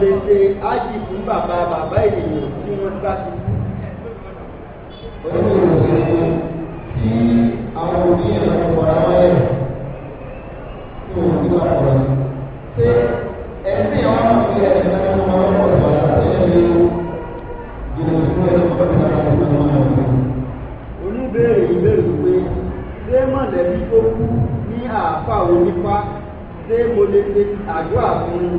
lè ṣe ájì fún bàbá bàbá ènìyàn tí wọ́n bá ti kú. olóòwò ìṣòro tí àwọn òbí ẹ̀rọ ọ̀rọ̀ wáyé tó ń gbà ọ̀rọ̀ ṣé ẹ̀sìn ọ̀rọ̀ fi ẹ̀sìn ọ̀rọ̀ ọ̀rọ̀ ọ̀rọ̀ ṣẹlẹ̀ yóò fún ẹ̀rọ ọ̀rọ̀ ọ̀rọ̀ ọ̀rọ̀ oníbèrè ìbéèrè pé ṣé mọ̀lẹ́bí tó kú ní àáfà onífá ṣé mo lè ṣe àdúrà fún un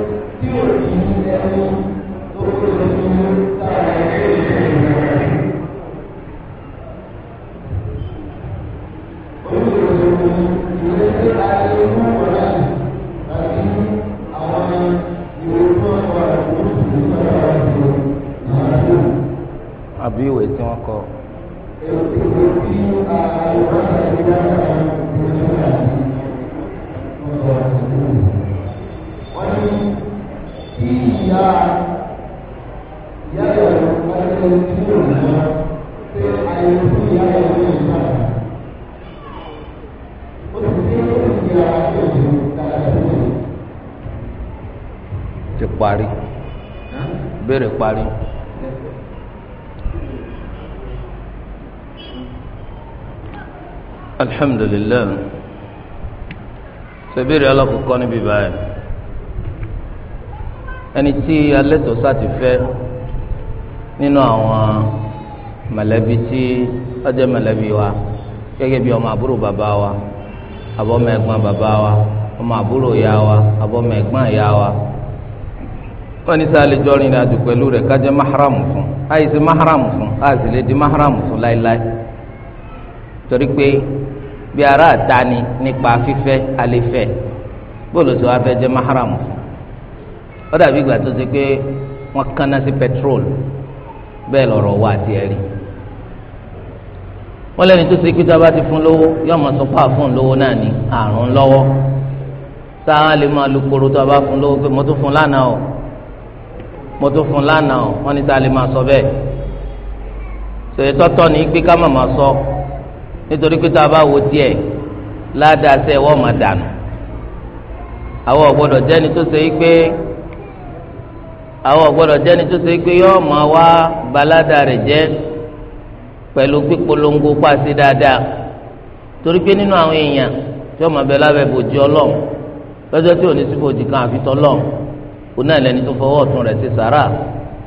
purity ìbéèrè parí. alhamdulilayi sẹbẹrẹ alakoko níbi báyìí ẹni tí alẹ́ tó ti nínú àwọn mọ̀lẹ́bí tí ọjọ́ mọ̀lẹ́bí wa gẹ́gẹ́ bí ọmọ àbúrò bàbá wa àbọ̀mọ̀ bàbá wa ọmọ àbúrò Ya wa àbọ̀mọ̀ ẹ̀gbọ́n Ya wa. wọ́n ní sáà lè jọ rìnrìn àjò pẹ̀lú rẹ̀ ká jẹ́ mahram fún àyè sí mahram fún àyè sì lè di mahram fún láéláé torí pé bí ara àta ni nípa fífẹ́ àlefẹ́ bóòlù tí wàá fẹ́ jẹ́ mahram fún ó dàbí ìgbà tó ṣe pé wọ́n kanna sí petrol bẹ́ẹ̀ lọ́rọ̀ wá àti ẹ̀rí wọ́n lẹ́ni tó ṣe pé tá a bá ti fún lówó yóò máa sọ pé àfún lówó náà ní àrùn lọ́wọ́ sáà lè máa lu koro tó a bá fún lówó pé mo tún fún lánàá o mo tún fún lánàá wọn ní sálẹ máa sọ bẹ́ẹ̀ sòye tọ́tọ́ ní pé ká màmá sọ nítorí pé tá a bá wo díẹ̀ ládàá sẹ́ wọ́n máa dànù àwọn ọ̀gbọ́dọ̀ jẹ́ni tó ṣe pé àwọn ọ̀gbọ́dọ̀ jẹ́ni tó ṣe pé yọ́ọ́ máa wá balada rẹ̀ jẹ́ pẹ̀lú pípolongo pàṣẹ dáadáa torí pé nínú àwọn èèyàn tí wọ́n máa bẹ lábẹ́ bòjì ọlọ́run lọ́jọ́ tí ò ní sí bòjì kan àfi tọ́lọ́run kò náà lẹni tó fọwọ́ ọ̀tún rẹ̀ sí sàrà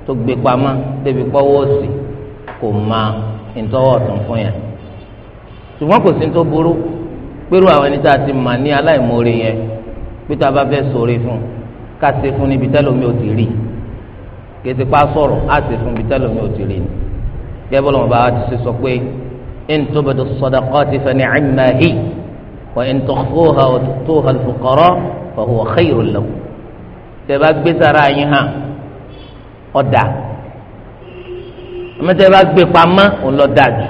tó gbé pamọ́ débi pọ́wọ́ òsì kò ma ìtọ́wọ́ ọ̀tún fún yẹn ṣùgbọ́n kò sí tó burú pẹ̀lú àwọn ẹni tá a ti mà ní aláìmoore yẹn pé a bá fẹ́ sọ̀rọ̀ fún ká ṣe fún níbi tẹ́lómi ò ti rí kèsì pa sọ̀rọ̀ á ṣe fún níbi tẹ́lómi ò ti rí ni gẹ́gẹ́ bọ́lá wọn bá ti sọ pé in tubdu sadaqati fa ni'ma hi wa in tukhfuha wa tu'tuha al-fuqara fa huwa khayrun lakum tẹ́ bá gbé sára yín hàn ọ̀dà àmọ́tẹ́ bá gbé pamọ́ ọlọ́dà jù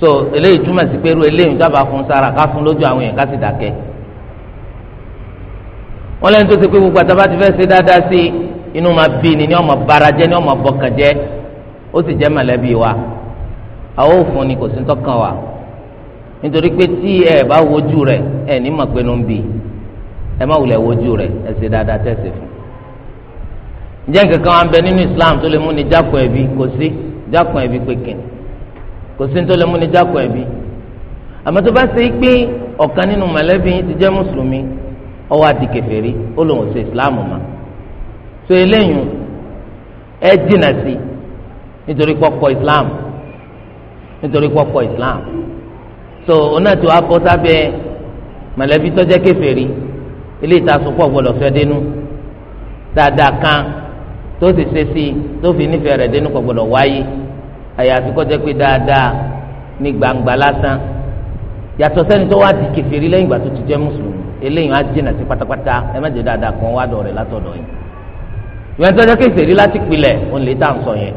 so eléyìí túmọ̀ sí pé irú eléyìí dábàá fún sára ká fún lójú àwọn èèyàn ká sì dákẹ́ wọ́n lẹ́nu tó ṣe pé gbogbo àtàbà ti fẹ́ ṣe dáadáa sí inú ma bí ni ní ọmọ bara jẹ́ ní ọmọ bọkàn jẹ́ ó sì jẹ́ mọ̀lẹ́bí wa àwọn òfun ni kò sí tọ́kàn wa nítorí pé tí ẹ bá wojú rẹ̀ ẹ ní mọ̀ pé ló ń bì í ẹ má wulẹ̀ wojú rẹ̀ ẹ ṣe dáadáa tẹ̀sí fún un. ǹjẹ́ nǹkan kan wà ń bẹ nínú Islam tó lè mú ni jákun ẹbí kò sí jákun ẹbí pé kìnnì kò sí ní tó lè mú ni jákun ẹbí àmọ́ tó bá ṣe é pé ọ̀kan nínú mọ̀lẹ́bí ti jẹ́ mùsùlùmí ó wá di ó lòun ṣe Islam mọ́ so eléyìí ẹ jìnà sí nítorí pọ́pọ́ Islam nítorí pọ́pọ́ Islam so onáàtò akọ sábẹ́ mọ̀lẹ́bí tó jẹ́ kèfèrí ilé ìtasùn pọ̀ gbọ́dọ̀ fẹ́ dénú dáadáa kan tó sì ṣe sí tó fi nífẹ̀ẹ́ rẹ̀ dénú kò gbọ́dọ̀ wáyé àyàfi kó jẹ́ pé dáadáa ní gbangba lásán yàtọ̀ sẹ́ni tó wá di kèfèrí lẹ́yìn ìgbà tó ti jẹ́ mùsùlùmí eléyìí á jìnà sí pátápátá ẹ má jẹ́ dáadáa kan wá dọ̀rẹ̀ látọ̀dọ̀ yìí ìwé tó jẹ́ kèfèrí láti pilẹ̀ òun lè tà ń sọ yẹn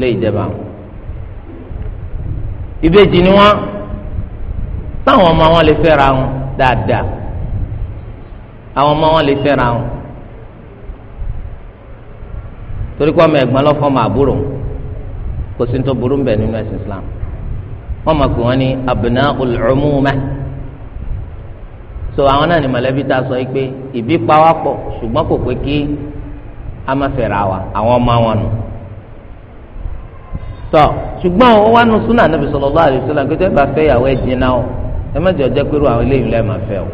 lé ìjẹba ìbejì ni wọn táwọn ọmọ wọn lè fẹ́ra wọn dáadáa àwọn ọmọ wọn lè fẹ́ra wọn torí kọ́ ọmọ ẹ̀gbọ́n lọ́fọ́mọ àbúrò kò sí tó burú bẹ̀ nínú ẹ̀sìn Islam wọ́n mọ̀ pé wọ́n ní abna'ul umuma so àwọn náà ní mọ̀lẹ́bí tá a sọ pé ìbí pa wá pọ̀ ṣùgbọ́n kò pé kí a má fẹ́ra wa àwọn ọmọ wọn nù tọ ṣùgbọ́n ó wá nu súnà nàbì sallallahu pé tẹ́ bá fẹ́ ìyàwó ẹ̀ jìnnà ọ ẹ má jẹ́ pé irú àwọn eléyìí lẹ́ẹ̀ máa fẹ́ o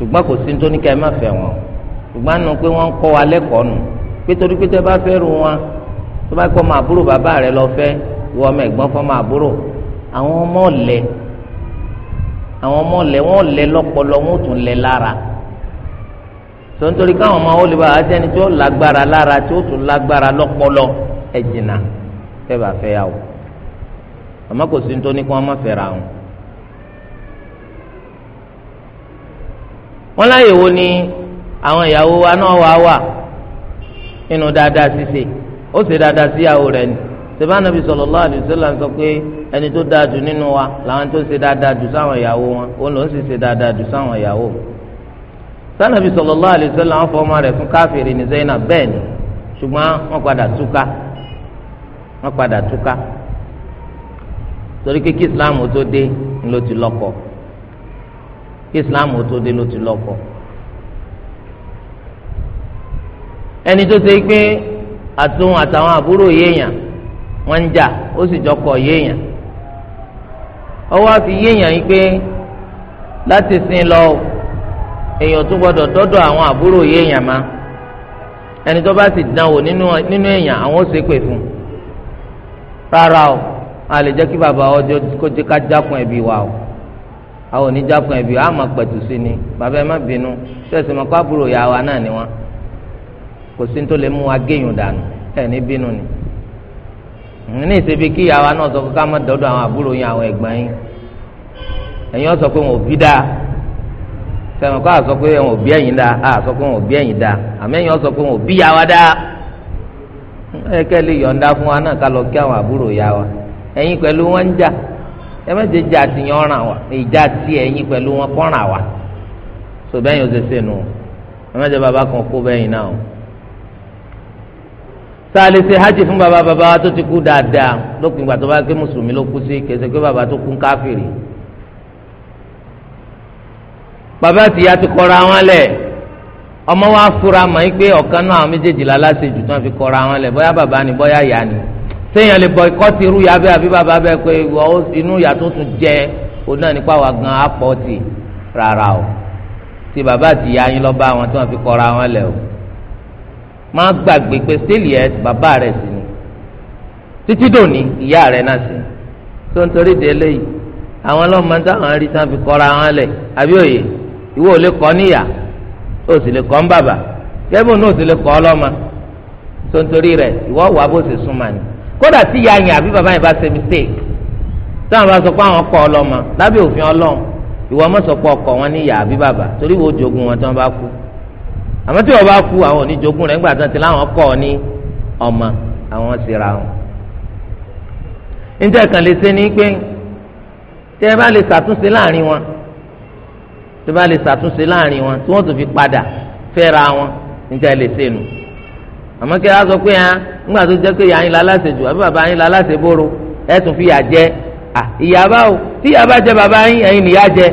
ṣùgbọ́n kò sí nítorí ká ẹ má fẹ́ wọn ṣùgbọ́n nù pé wọ́n ń kọ́ wa lẹ́kọ̀ọ́ nù pé torí pé tẹ́ bá fẹ́ ru wọn tó bá kọ́ máa búrò bàbá rẹ lọ fẹ́ wọ ọmọ ẹ̀gbọ́n fọ́ máa búrò àwọn ọmọ ọ̀lẹ́ àwọn ọmọ ọ̀lẹ́ wọn ọ̀lẹ́ lọ́pọlọ wọn ò tún lẹ lára tó ń torí káwọn ọmọ olùbá àtẹni tó lágbára lára tó tún lágbára lọ́pọlọ ẹ̀ jìnnà fẹ́ bá fẹ́ yà wò àmọ́ kò sí nítorí kí wọ́n má fẹ́ra wọn. wọn láyè wo ni àwọn ìyàwó wa náà wà wà nínú dáadáa ṣíṣe ó ṣe dáadáa sí ìyàwó rẹ̀ ni sèbá nàbì sallallahu alaihi wasallam sọ pé ẹni tó dáa jù nínú wa làwọn tó ṣe dáadáa jù sáwọn ìyàwó wọn òun ló ń ṣe dáadáa jù sáwọn ìyàwó sànàbì sallallahu alaihi wasallam fọmọ fún káfíìrì ní Zainab ni ṣùgbọ́n wọ́n padà túká wọ́n padà túká torí Islam tó dé ńlọ ti lọ́kọ̀ọ́ kí islam tó dé ló ti lọ́kọ. ẹni tó ṣe pé àtún àtàwọn àbúrò yéèyàn wọ́n ń jà ó sì jọkọ yéèyàn ọwọ́ àfi yéèyàn yìí pé láti sin lọ èèyàn tó gbọdọ̀ dọ́dọ̀ àwọn àbúrò yéèyàn má ẹni tó bá sì dánwò nínú èèyàn àwọn ó ṣe pè fún rárá o a lè jẹ́ kí bàbá ọjọ́ kó jẹ́ ká jákun wa o àwọn oníjàkùn ẹbí wa àmọ́ pẹ̀tù sí ni bàbá ẹ má bínú sẹ́sìn mọ́ pábúrò ìyá wa náà ni wọ́n kò sí tó lè mú wa géèyàn dànù ẹ̀ ní bínú ni ní ìsebí kí ìyá wa náà sọ pé ká má dọ́dọ̀ àwọn àbúrò yín àwọn ẹ̀gbọ́n yín ẹ̀yin sọ pé wọn ò bí dáa sẹ́wọ̀n kọ́ àsọ pé wọn ò bí ẹ̀yin dáa àsọ pé wọn ò bí ẹ̀yin dáa àmọ́ ẹ̀yin sọ pé wọn ò bí ìyá wa dáa ẹ̀kẹ́ lè yọ̀ǹda fún wa náà ká lọ kí àwọn àbúrò ìyá wa ẹ̀yin pẹ̀lú wọn ń jà ẹ má ṣe ọ̀ràn wa ìjà tí ẹ̀yin pẹ̀lú wọn kọ́ràn wa so bẹ́yìn ó ṣe ṣe nù ẹ má ṣe bàbá kan kó bẹ́yìn náà o sáàlì ṣe hajj fún bàbá bàbá tó ti kú dáadáa lópin ìgbà tó bá ké mùsùlùmí ló kú sí kèsè pé bàbá tó kú káfìrì bàbá tìyá ti kọra wọn lẹ̀ ọmọ wa fura mọ̀ yín pé ọ̀kan náà àwọn méjèèjì lálásejù tí wọ́n fi kọra wọn lẹ̀ bóyá bàbá ni bóyá ìyá ni sẹ́yìn lè boycott irú ya bẹ́ẹ̀ àbí bàbá bẹ́ẹ̀ pé inú ìyá tó tún jẹ òun náà nípa wà gan apọ̀ tì rárá o tí bàbá àti ìyá yín lọ bá wọn tí wọ́n fi kọ́ra wọn lẹ̀ o má gbàgbé pé sílì ẹ bàbá rẹ̀ sí ni títí dòní ìyá rẹ̀ náà sí tó ń torí de eléyìí àwọn ọlọ́mọ táwọn rí tán fi kọ́ra wọn lẹ̀ àbí òye ìwọ ò lè kọ́ níyà ó sì lè kọ́ ń bàbá kẹ́bùn náà ó sì lè kọ́ ọlọ́mọ tó ń torí rẹ̀ ìwọ wà bó ṣe súnmọ́ ni kódà tí ìyá yẹn àbí bàbá yẹn bá ṣe mistake táwọn bá sọ pé àwọn kọ ọlọ́mọ lábẹ́ òfin ọlọ́run ìwọ ọmọ sọ pé ọkọ wọn ní ìyá àbí bàbá torí wo jogun wọn tí wọn bá kú àmọ́ tí wọn bá kú àwọn òní jogun rẹ̀ nígbà tí wọn ti láwọn kọ ọ ní ọmọ àwọn sì ra wọn. níta ìkànnì ṣe ni pé tí ẹ bá lè ṣàtúnṣe láàrin wọn tí ẹ bá lè ṣàtúnṣe láàrin wọn tí wọn tó fi padà fẹ́ wọn níta ẹ lè ṣe nù àmọ́ kí a sọ pé ya ńgbà tó jẹ́ pé ìyá yín la láṣẹ jù àbí bàbá yín la láṣẹ bóró ẹ tún fi yà jẹ à ìyá bá o tí ìyá bá jẹ bàbá yín ẹ̀yin nìyá jẹ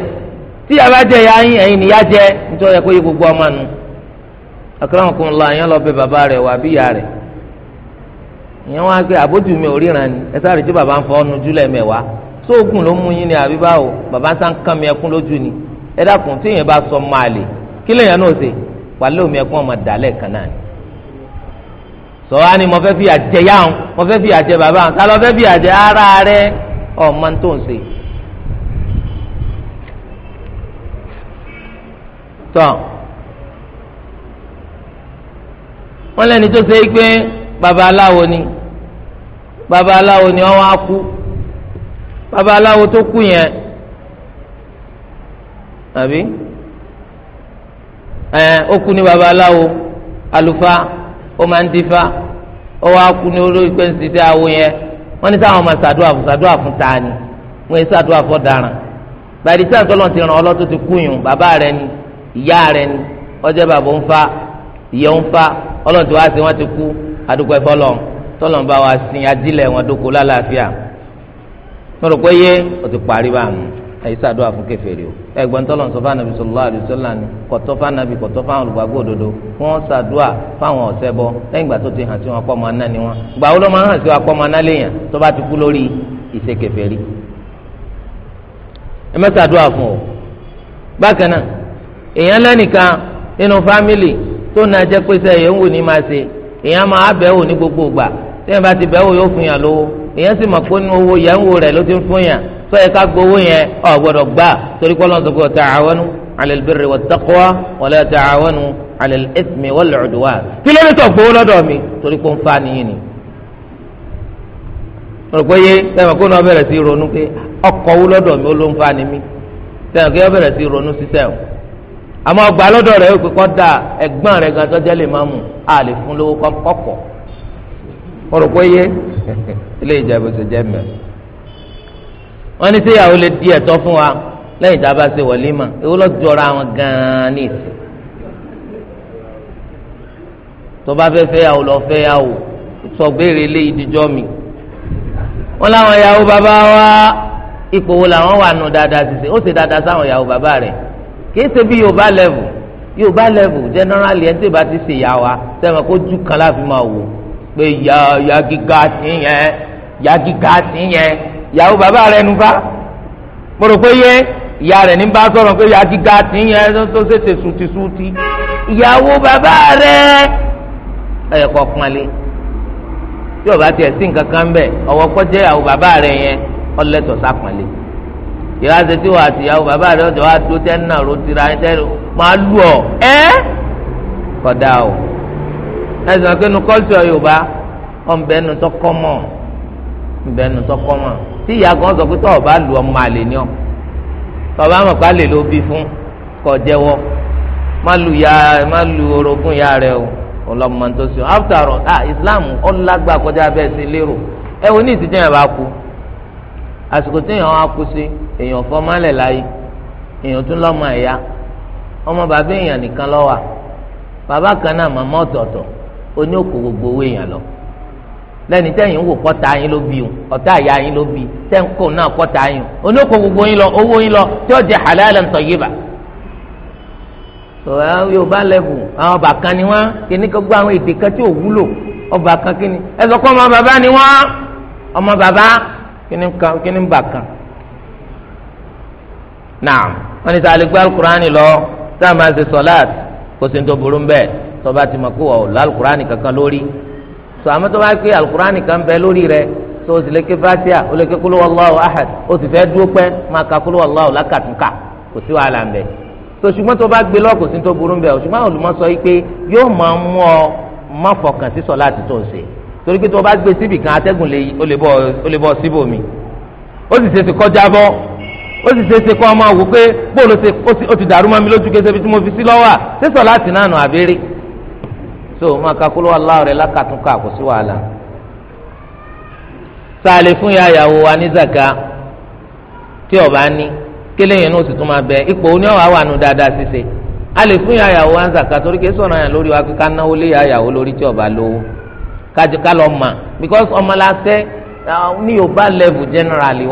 tí ìyá bá jẹ ìyá yín ẹ̀yin nìyá jẹ nítorí ẹ kó yẹ gbogbo ọmọ nu akramakumullah àyàn lọ bẹ bàbá rẹ wà bí ìyá rẹ ìyẹn wọn á àbójú mi ò ríran ni ẹ sáré tí bàbá ń fọ ọ́nu júlẹ̀ mẹ́wàá sóògùn ló mú yín ni àbí báwo bàbá sá ń kán mi ẹkún lójú ni ẹ dákun tí èèyàn bá sọ máa lè kí lèèyàn náà ṣe wà lóòmí ẹkún ọmọ dàlẹ́ kan náà ni sọ̀rọ̀ ni mo fẹ́ fi àjẹ yá wọn mo fẹ́ fi àjẹ bàbá wọn ta fẹ́ fi àjẹ ara rẹ ọ̀ máa ń tó ń ṣe. tọ́ wọ́n lẹ́ni tó ṣe é pé babaláwo ni babaláwo ni wọ́n á kú babaláwo tó kú yẹn àbí ẹ̀ ó kú ní babaláwo àlùfáà ó máa ń dífá ó wá kú ní olórí pé ń ti dé awo yẹn wọ́n ní sáwọn máa ṣàdúrà fún ṣàdúrà fún ta ni wọ́n yẹ ṣàdúrà fún ọ̀daràn bàdí sáà tọ́lọ̀ ti ràn ọlọ́tún ti kúyùn bàbá rẹ ni ìyá rẹ ni ọjọ́ bàbá ń fa ìyẹ́ ń fa ọlọ́tún wá sí wọ́n ti kú àdúgbò ẹ̀fọ́ tọ́lọ̀ ń bá wa sin ajílẹ̀ wọn dóko lálàáfíà mo rò pé yé o ti parí báyìí ẹ̀yìn sàdúrà fún kèfèrí o ẹ̀gbọ́n tọ́lọ̀ ń sọ fún anabi sallallahu alaihi wasallam ni kọ̀tọ́ fún anabi kọ̀tọ́ fún àwọn olùgbàgbọ́ òdodo wọ́n sàdúrà fáwọn ọ̀sẹ̀ bọ́ lẹ́yìn ìgbà tó ti hàn sí wọn pọ́ ọmọ aná ni wọn gbà wọ́n ló máa hàn sí wọn pọ́ ọmọ aná léèyàn tó bá ti kú lórí ìṣe kèfèrí. ẹ má sàdúrà fún o bákan náà èèyàn lẹ́nìkan nínú fámìlì tó na jẹ́ pé sẹ́yìn òun ò ní máa ṣe èèyàn máa bẹ̀wò ní gbogbo ìgbà tẹ́yìn bá ti bẹ̀wò yóò fún yàn lówó èèyàn sì mọ̀ pé nínú owó yẹn ń wo rẹ̀ ló ti ń fún yàn tó yẹ ká gbowó yẹn ọ̀ gbọ́dọ̀ gbà torí pé ọlọ́run sọ pé ta'awanu 'ala al-birri wat-taqwa wa la ta'awanu 'ala al-ithmi wal-'udwan kí ló ní tó gbowó lọ́dọ̀ mi torí pé ń fa nìyí ni. mo rò pé yé sẹ́wọ̀n kó náà bẹ̀rẹ̀ sí ronú pé ọkọ̀ owó lọ́dọ̀ mi ó ló ń fa ni mí sẹ́wọ̀n kí wọ́n bẹ̀rẹ̀ sí ronú sí wọn rò pé yé ilé ìjẹ̀bù sì jẹ́ mẹ́. wọ́n ní síyàwó lè di ẹ̀tọ́ fún wa lẹ́yìn tá a bá ṣe wọ̀límà èwo ló jọra wọn gan-an ní ìsìn. tó bá fẹ́ fẹ́ yàwó lọ fẹ́ yàwó sọ ilé ìdíjọ́ mi. wọ́n láwọn yàwó bàbá wa ipò wo làwọn wà nù dáadáa ṣiṣẹ́ ó ṣe dáadáa sáwọn yàwó bàbá rẹ̀ kì ṣe bí Yorùbá level Yorùbá level generally ẹni tí ìbá ti ṣe yà wa sẹ́wọ̀n kó jù kan láfi máa wò ó pé ìyá ìyá gíga sí yẹn ìyá gíga sí yẹn ìyàwó bàbá rẹ nu bá mo rò pé yẹ ìyá rẹ ní bá sọ̀rọ̀ pé ìyá gíga sí yẹn tó ṣèṣe sùtìsùtì ìyàwó bàbá rẹ ẹ kọ pọnlé tí o bá tiẹ̀ sí nǹkan kan bẹ́ẹ̀ ọwọ́ kọjá ìyàwó bàbá rẹ yẹn ọlẹ́tọ̀ sápọ̀nlé ìyá ṣe tí wà á ti ìyàwó bàbá rẹ ọjọ́ wa tó tẹ́ ń nà ro tira ẹ tẹ́ máa lù ọ ẹ́ kódà o ẹsìn ọ̀kẹ́ nu kọ́lítọ̀ yorùbá ọ̀nbẹ́nu tọkọ́mọ̀ ọ̀nbẹ́nu tọkọ́mọ̀ tí ìyá kan sọ pé tọ́ọ̀ bá lu ọmọ àlè ni ọ́ tọ́ọ̀ bá mọ̀ pé àlè ló bí fún kọ́ jẹ́wọ́ má lu ya má lu orogún ya rẹ o ọlọ́mọ tó sọ after all ah islam ọ̀làgbà kọjá bẹ́ẹ̀ sí lérò ẹ wo ní ìtìjẹ́ yẹn bá kú àsìkò tí èèyàn á kú sí èèyàn fọ́mọ́lẹ̀ láyé èèyàn tún lọ́mọ ẹ̀yà ọmọ bàbá èèyàn nìkan ló bàbá kan náà màmá ọ̀tọ̀ọ̀tọ̀ oní òkò gbogbo owó èèyàn lọ lẹni tẹ́yìn wò yín ló bí o ọ̀tá ìyá yín ló bí tẹ́ǹkò náà kọ́ta yín oní òkò gbogbo yín lọ owó yín lọ tí ó jẹ́ halalan tayyiba. yorùbá lẹ́bù àwọn ọba kan ni kíní kó àwọn èdè kan tí ò wúlò ọba kan ẹ sọ pé ọmọ bàbá ni wọ́n ọmọ bàbá kíní bà kan. náà ní sàlẹ̀ gbé alukur'ani lọ sáà máa ṣe tó burú tó bá ti mọ̀ pé wọ́n lọ alukurani kankan lórí tó àmọ́ tó bá pé alukurani kan bẹ lórí rẹ tó o sì lè ké fatia o lè ké kúló wallahu ahad o sì fẹ́ dúró pẹ́ máa ka kúló wallahu lákàtúnkà kò sí wàhálà ń bẹ tó ṣùgbọ́n tó bá gbé lọ́ọ̀kù sí tó burú ń bẹ o ṣùgbọ́n olùmọ̀ sọ yìí pé yóò máa mú ọ má fọkàn sí sọlá àti tó ń ṣe torí pé tó o bá gbé síbì kan atẹ́gùn lè o lè bọ́ síbò mi ó sì ṣe kọjá bọ́ ó sì ṣeéṣe kó ọmọ wò pé bóòlù ó ti dàrú mọ́ mi lójú kẹsẹ́ bí mo fi sí lọ́wọ́ à sẹ́sọ̀ láti náà àbẹ́rẹ́ so máa ka kúló aláwọ̀ rẹ̀ lákàtúnkà kò sí wàhálà sáàlì fún ya ìyàwó wa ní zaka tí ọba ní kílé yẹn náà bẹ wà a lè fún ya ìyàwó wa n zaka tori kí sọ̀rọ̀ yẹn wa ya lori lori tí ọba lo ká lọ ma because ọmọ uh, level generally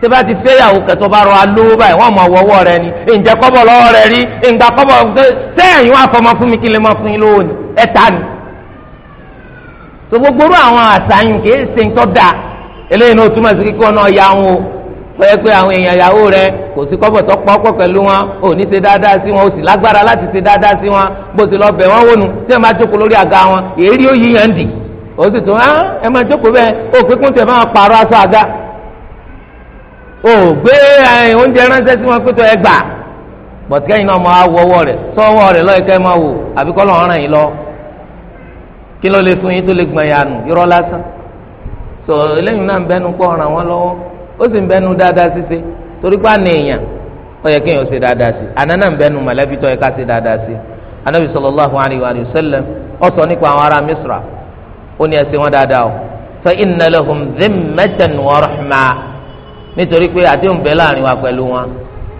tí bá ti fẹ́yàwó kẹtọ́ bá rọ alówó báyìí wọ́n mọ̀ wọ́wọ́ rẹ ni ǹjẹ́ kọ́bọ̀ lọ́wọ́ rẹ fún mi kí fún yín lówó ni ẹ ta ni. tó gbogbo rú àwọn àṣàyàn kì í ṣe ń tọ́ da eléyìí náà túmọ̀ sí kíkọ́ náà ya wọn o pé pé àwọn èèyàn ìyàwó rẹ kò sí kọ́bọ̀ tó pọ̀ pẹ̀lú wọn ò ní ṣe dáadáa sí wọn ò sì lágbára láti ṣe dáadáa sí wọn o gbé oúnjẹ ránṣẹ́ sí wọn pé tó ẹ gbà bọ̀tí náà máa wọ ọwọ́ rẹ̀ sọ́wọ́ rẹ̀ lọ́yẹ̀ kẹ́ máa wò àbí ràn lọ kí ló lè fún yín tó lè nù lásán tó eléyìí náà ń bẹnu ràn ó sì ń bẹnu dáadáa torí pé àna èèyàn ó yẹ kéèyàn ṣe dáadáa sí àná náà ń bẹnu tó yẹ ká ṣe dáadáa sí sallallahu alayhi wa sallam sọ nípa àwọn Misra ó ní wọn o nítorí pé àdéhùn bẹ láàrin wa pẹ̀lú wọn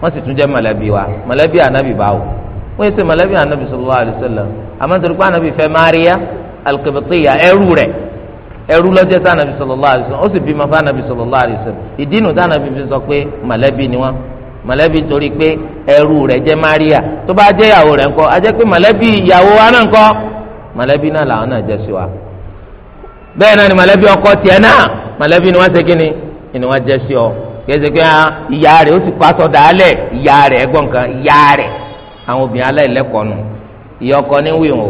wọ́n sì tún jẹ́ mọ̀lẹ́bí wa mọ̀lẹ́bí ànábì báwo wọ́n yẹ sẹ́ mọ̀lẹ́bí ànábì sallallahu alaihi wasallam àmọ́ nítorí pé ànábì fẹ́ Máríyá al-Qibtiyya ẹrú rẹ̀ ẹrú lọ́jẹ́ tá ànábì sallallahu alaihi wasallam ó sì bímọ fún ànábì sallallahu alaihi wasallam ìdí nu tá ànábì fi sọ pé mọ̀lẹ́bí ni wọ́n mọ̀lẹ́bí torí pé ẹrú rẹ̀ jẹ́ Máríyá tó bá jẹ́ ìyàwó rẹ̀ ńkọ́ a jẹ́ pé mọ̀lẹ́bí ìyàwó wa náà ńkọ́ mọ̀lẹ́bí náà làwọn náà jẹ́ sí wa bẹ́ẹ̀ náà ni mọ̀lẹ́bí ọkọ tiẹ̀ náà mọ̀lẹ́bí ni wọ́n ṣe kí ni ni wọ́n jẹ́ sí ọ kẹsẹ̀ pé ah, ìyá rẹ̀ ó ti pàṣọ dàálẹ̀ ìyá rẹ̀ ẹgbọ́n kan ìyá rẹ̀ àwọn obìnrin aláìlẹ́kọ̀ọ́ nù ìyá ọkọ ní wí o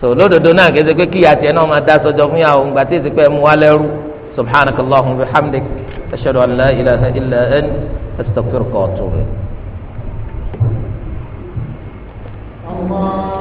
so lódodo náà kẹsẹ̀ pé kíyà tiẹ̀ náà máa dá sọjọ́ fún yàwó ńgbà tí èsì pé mu alẹ́ rú subhanaka allahumma wa bihamdik ashhadu ilaha illa ant astaghfiruka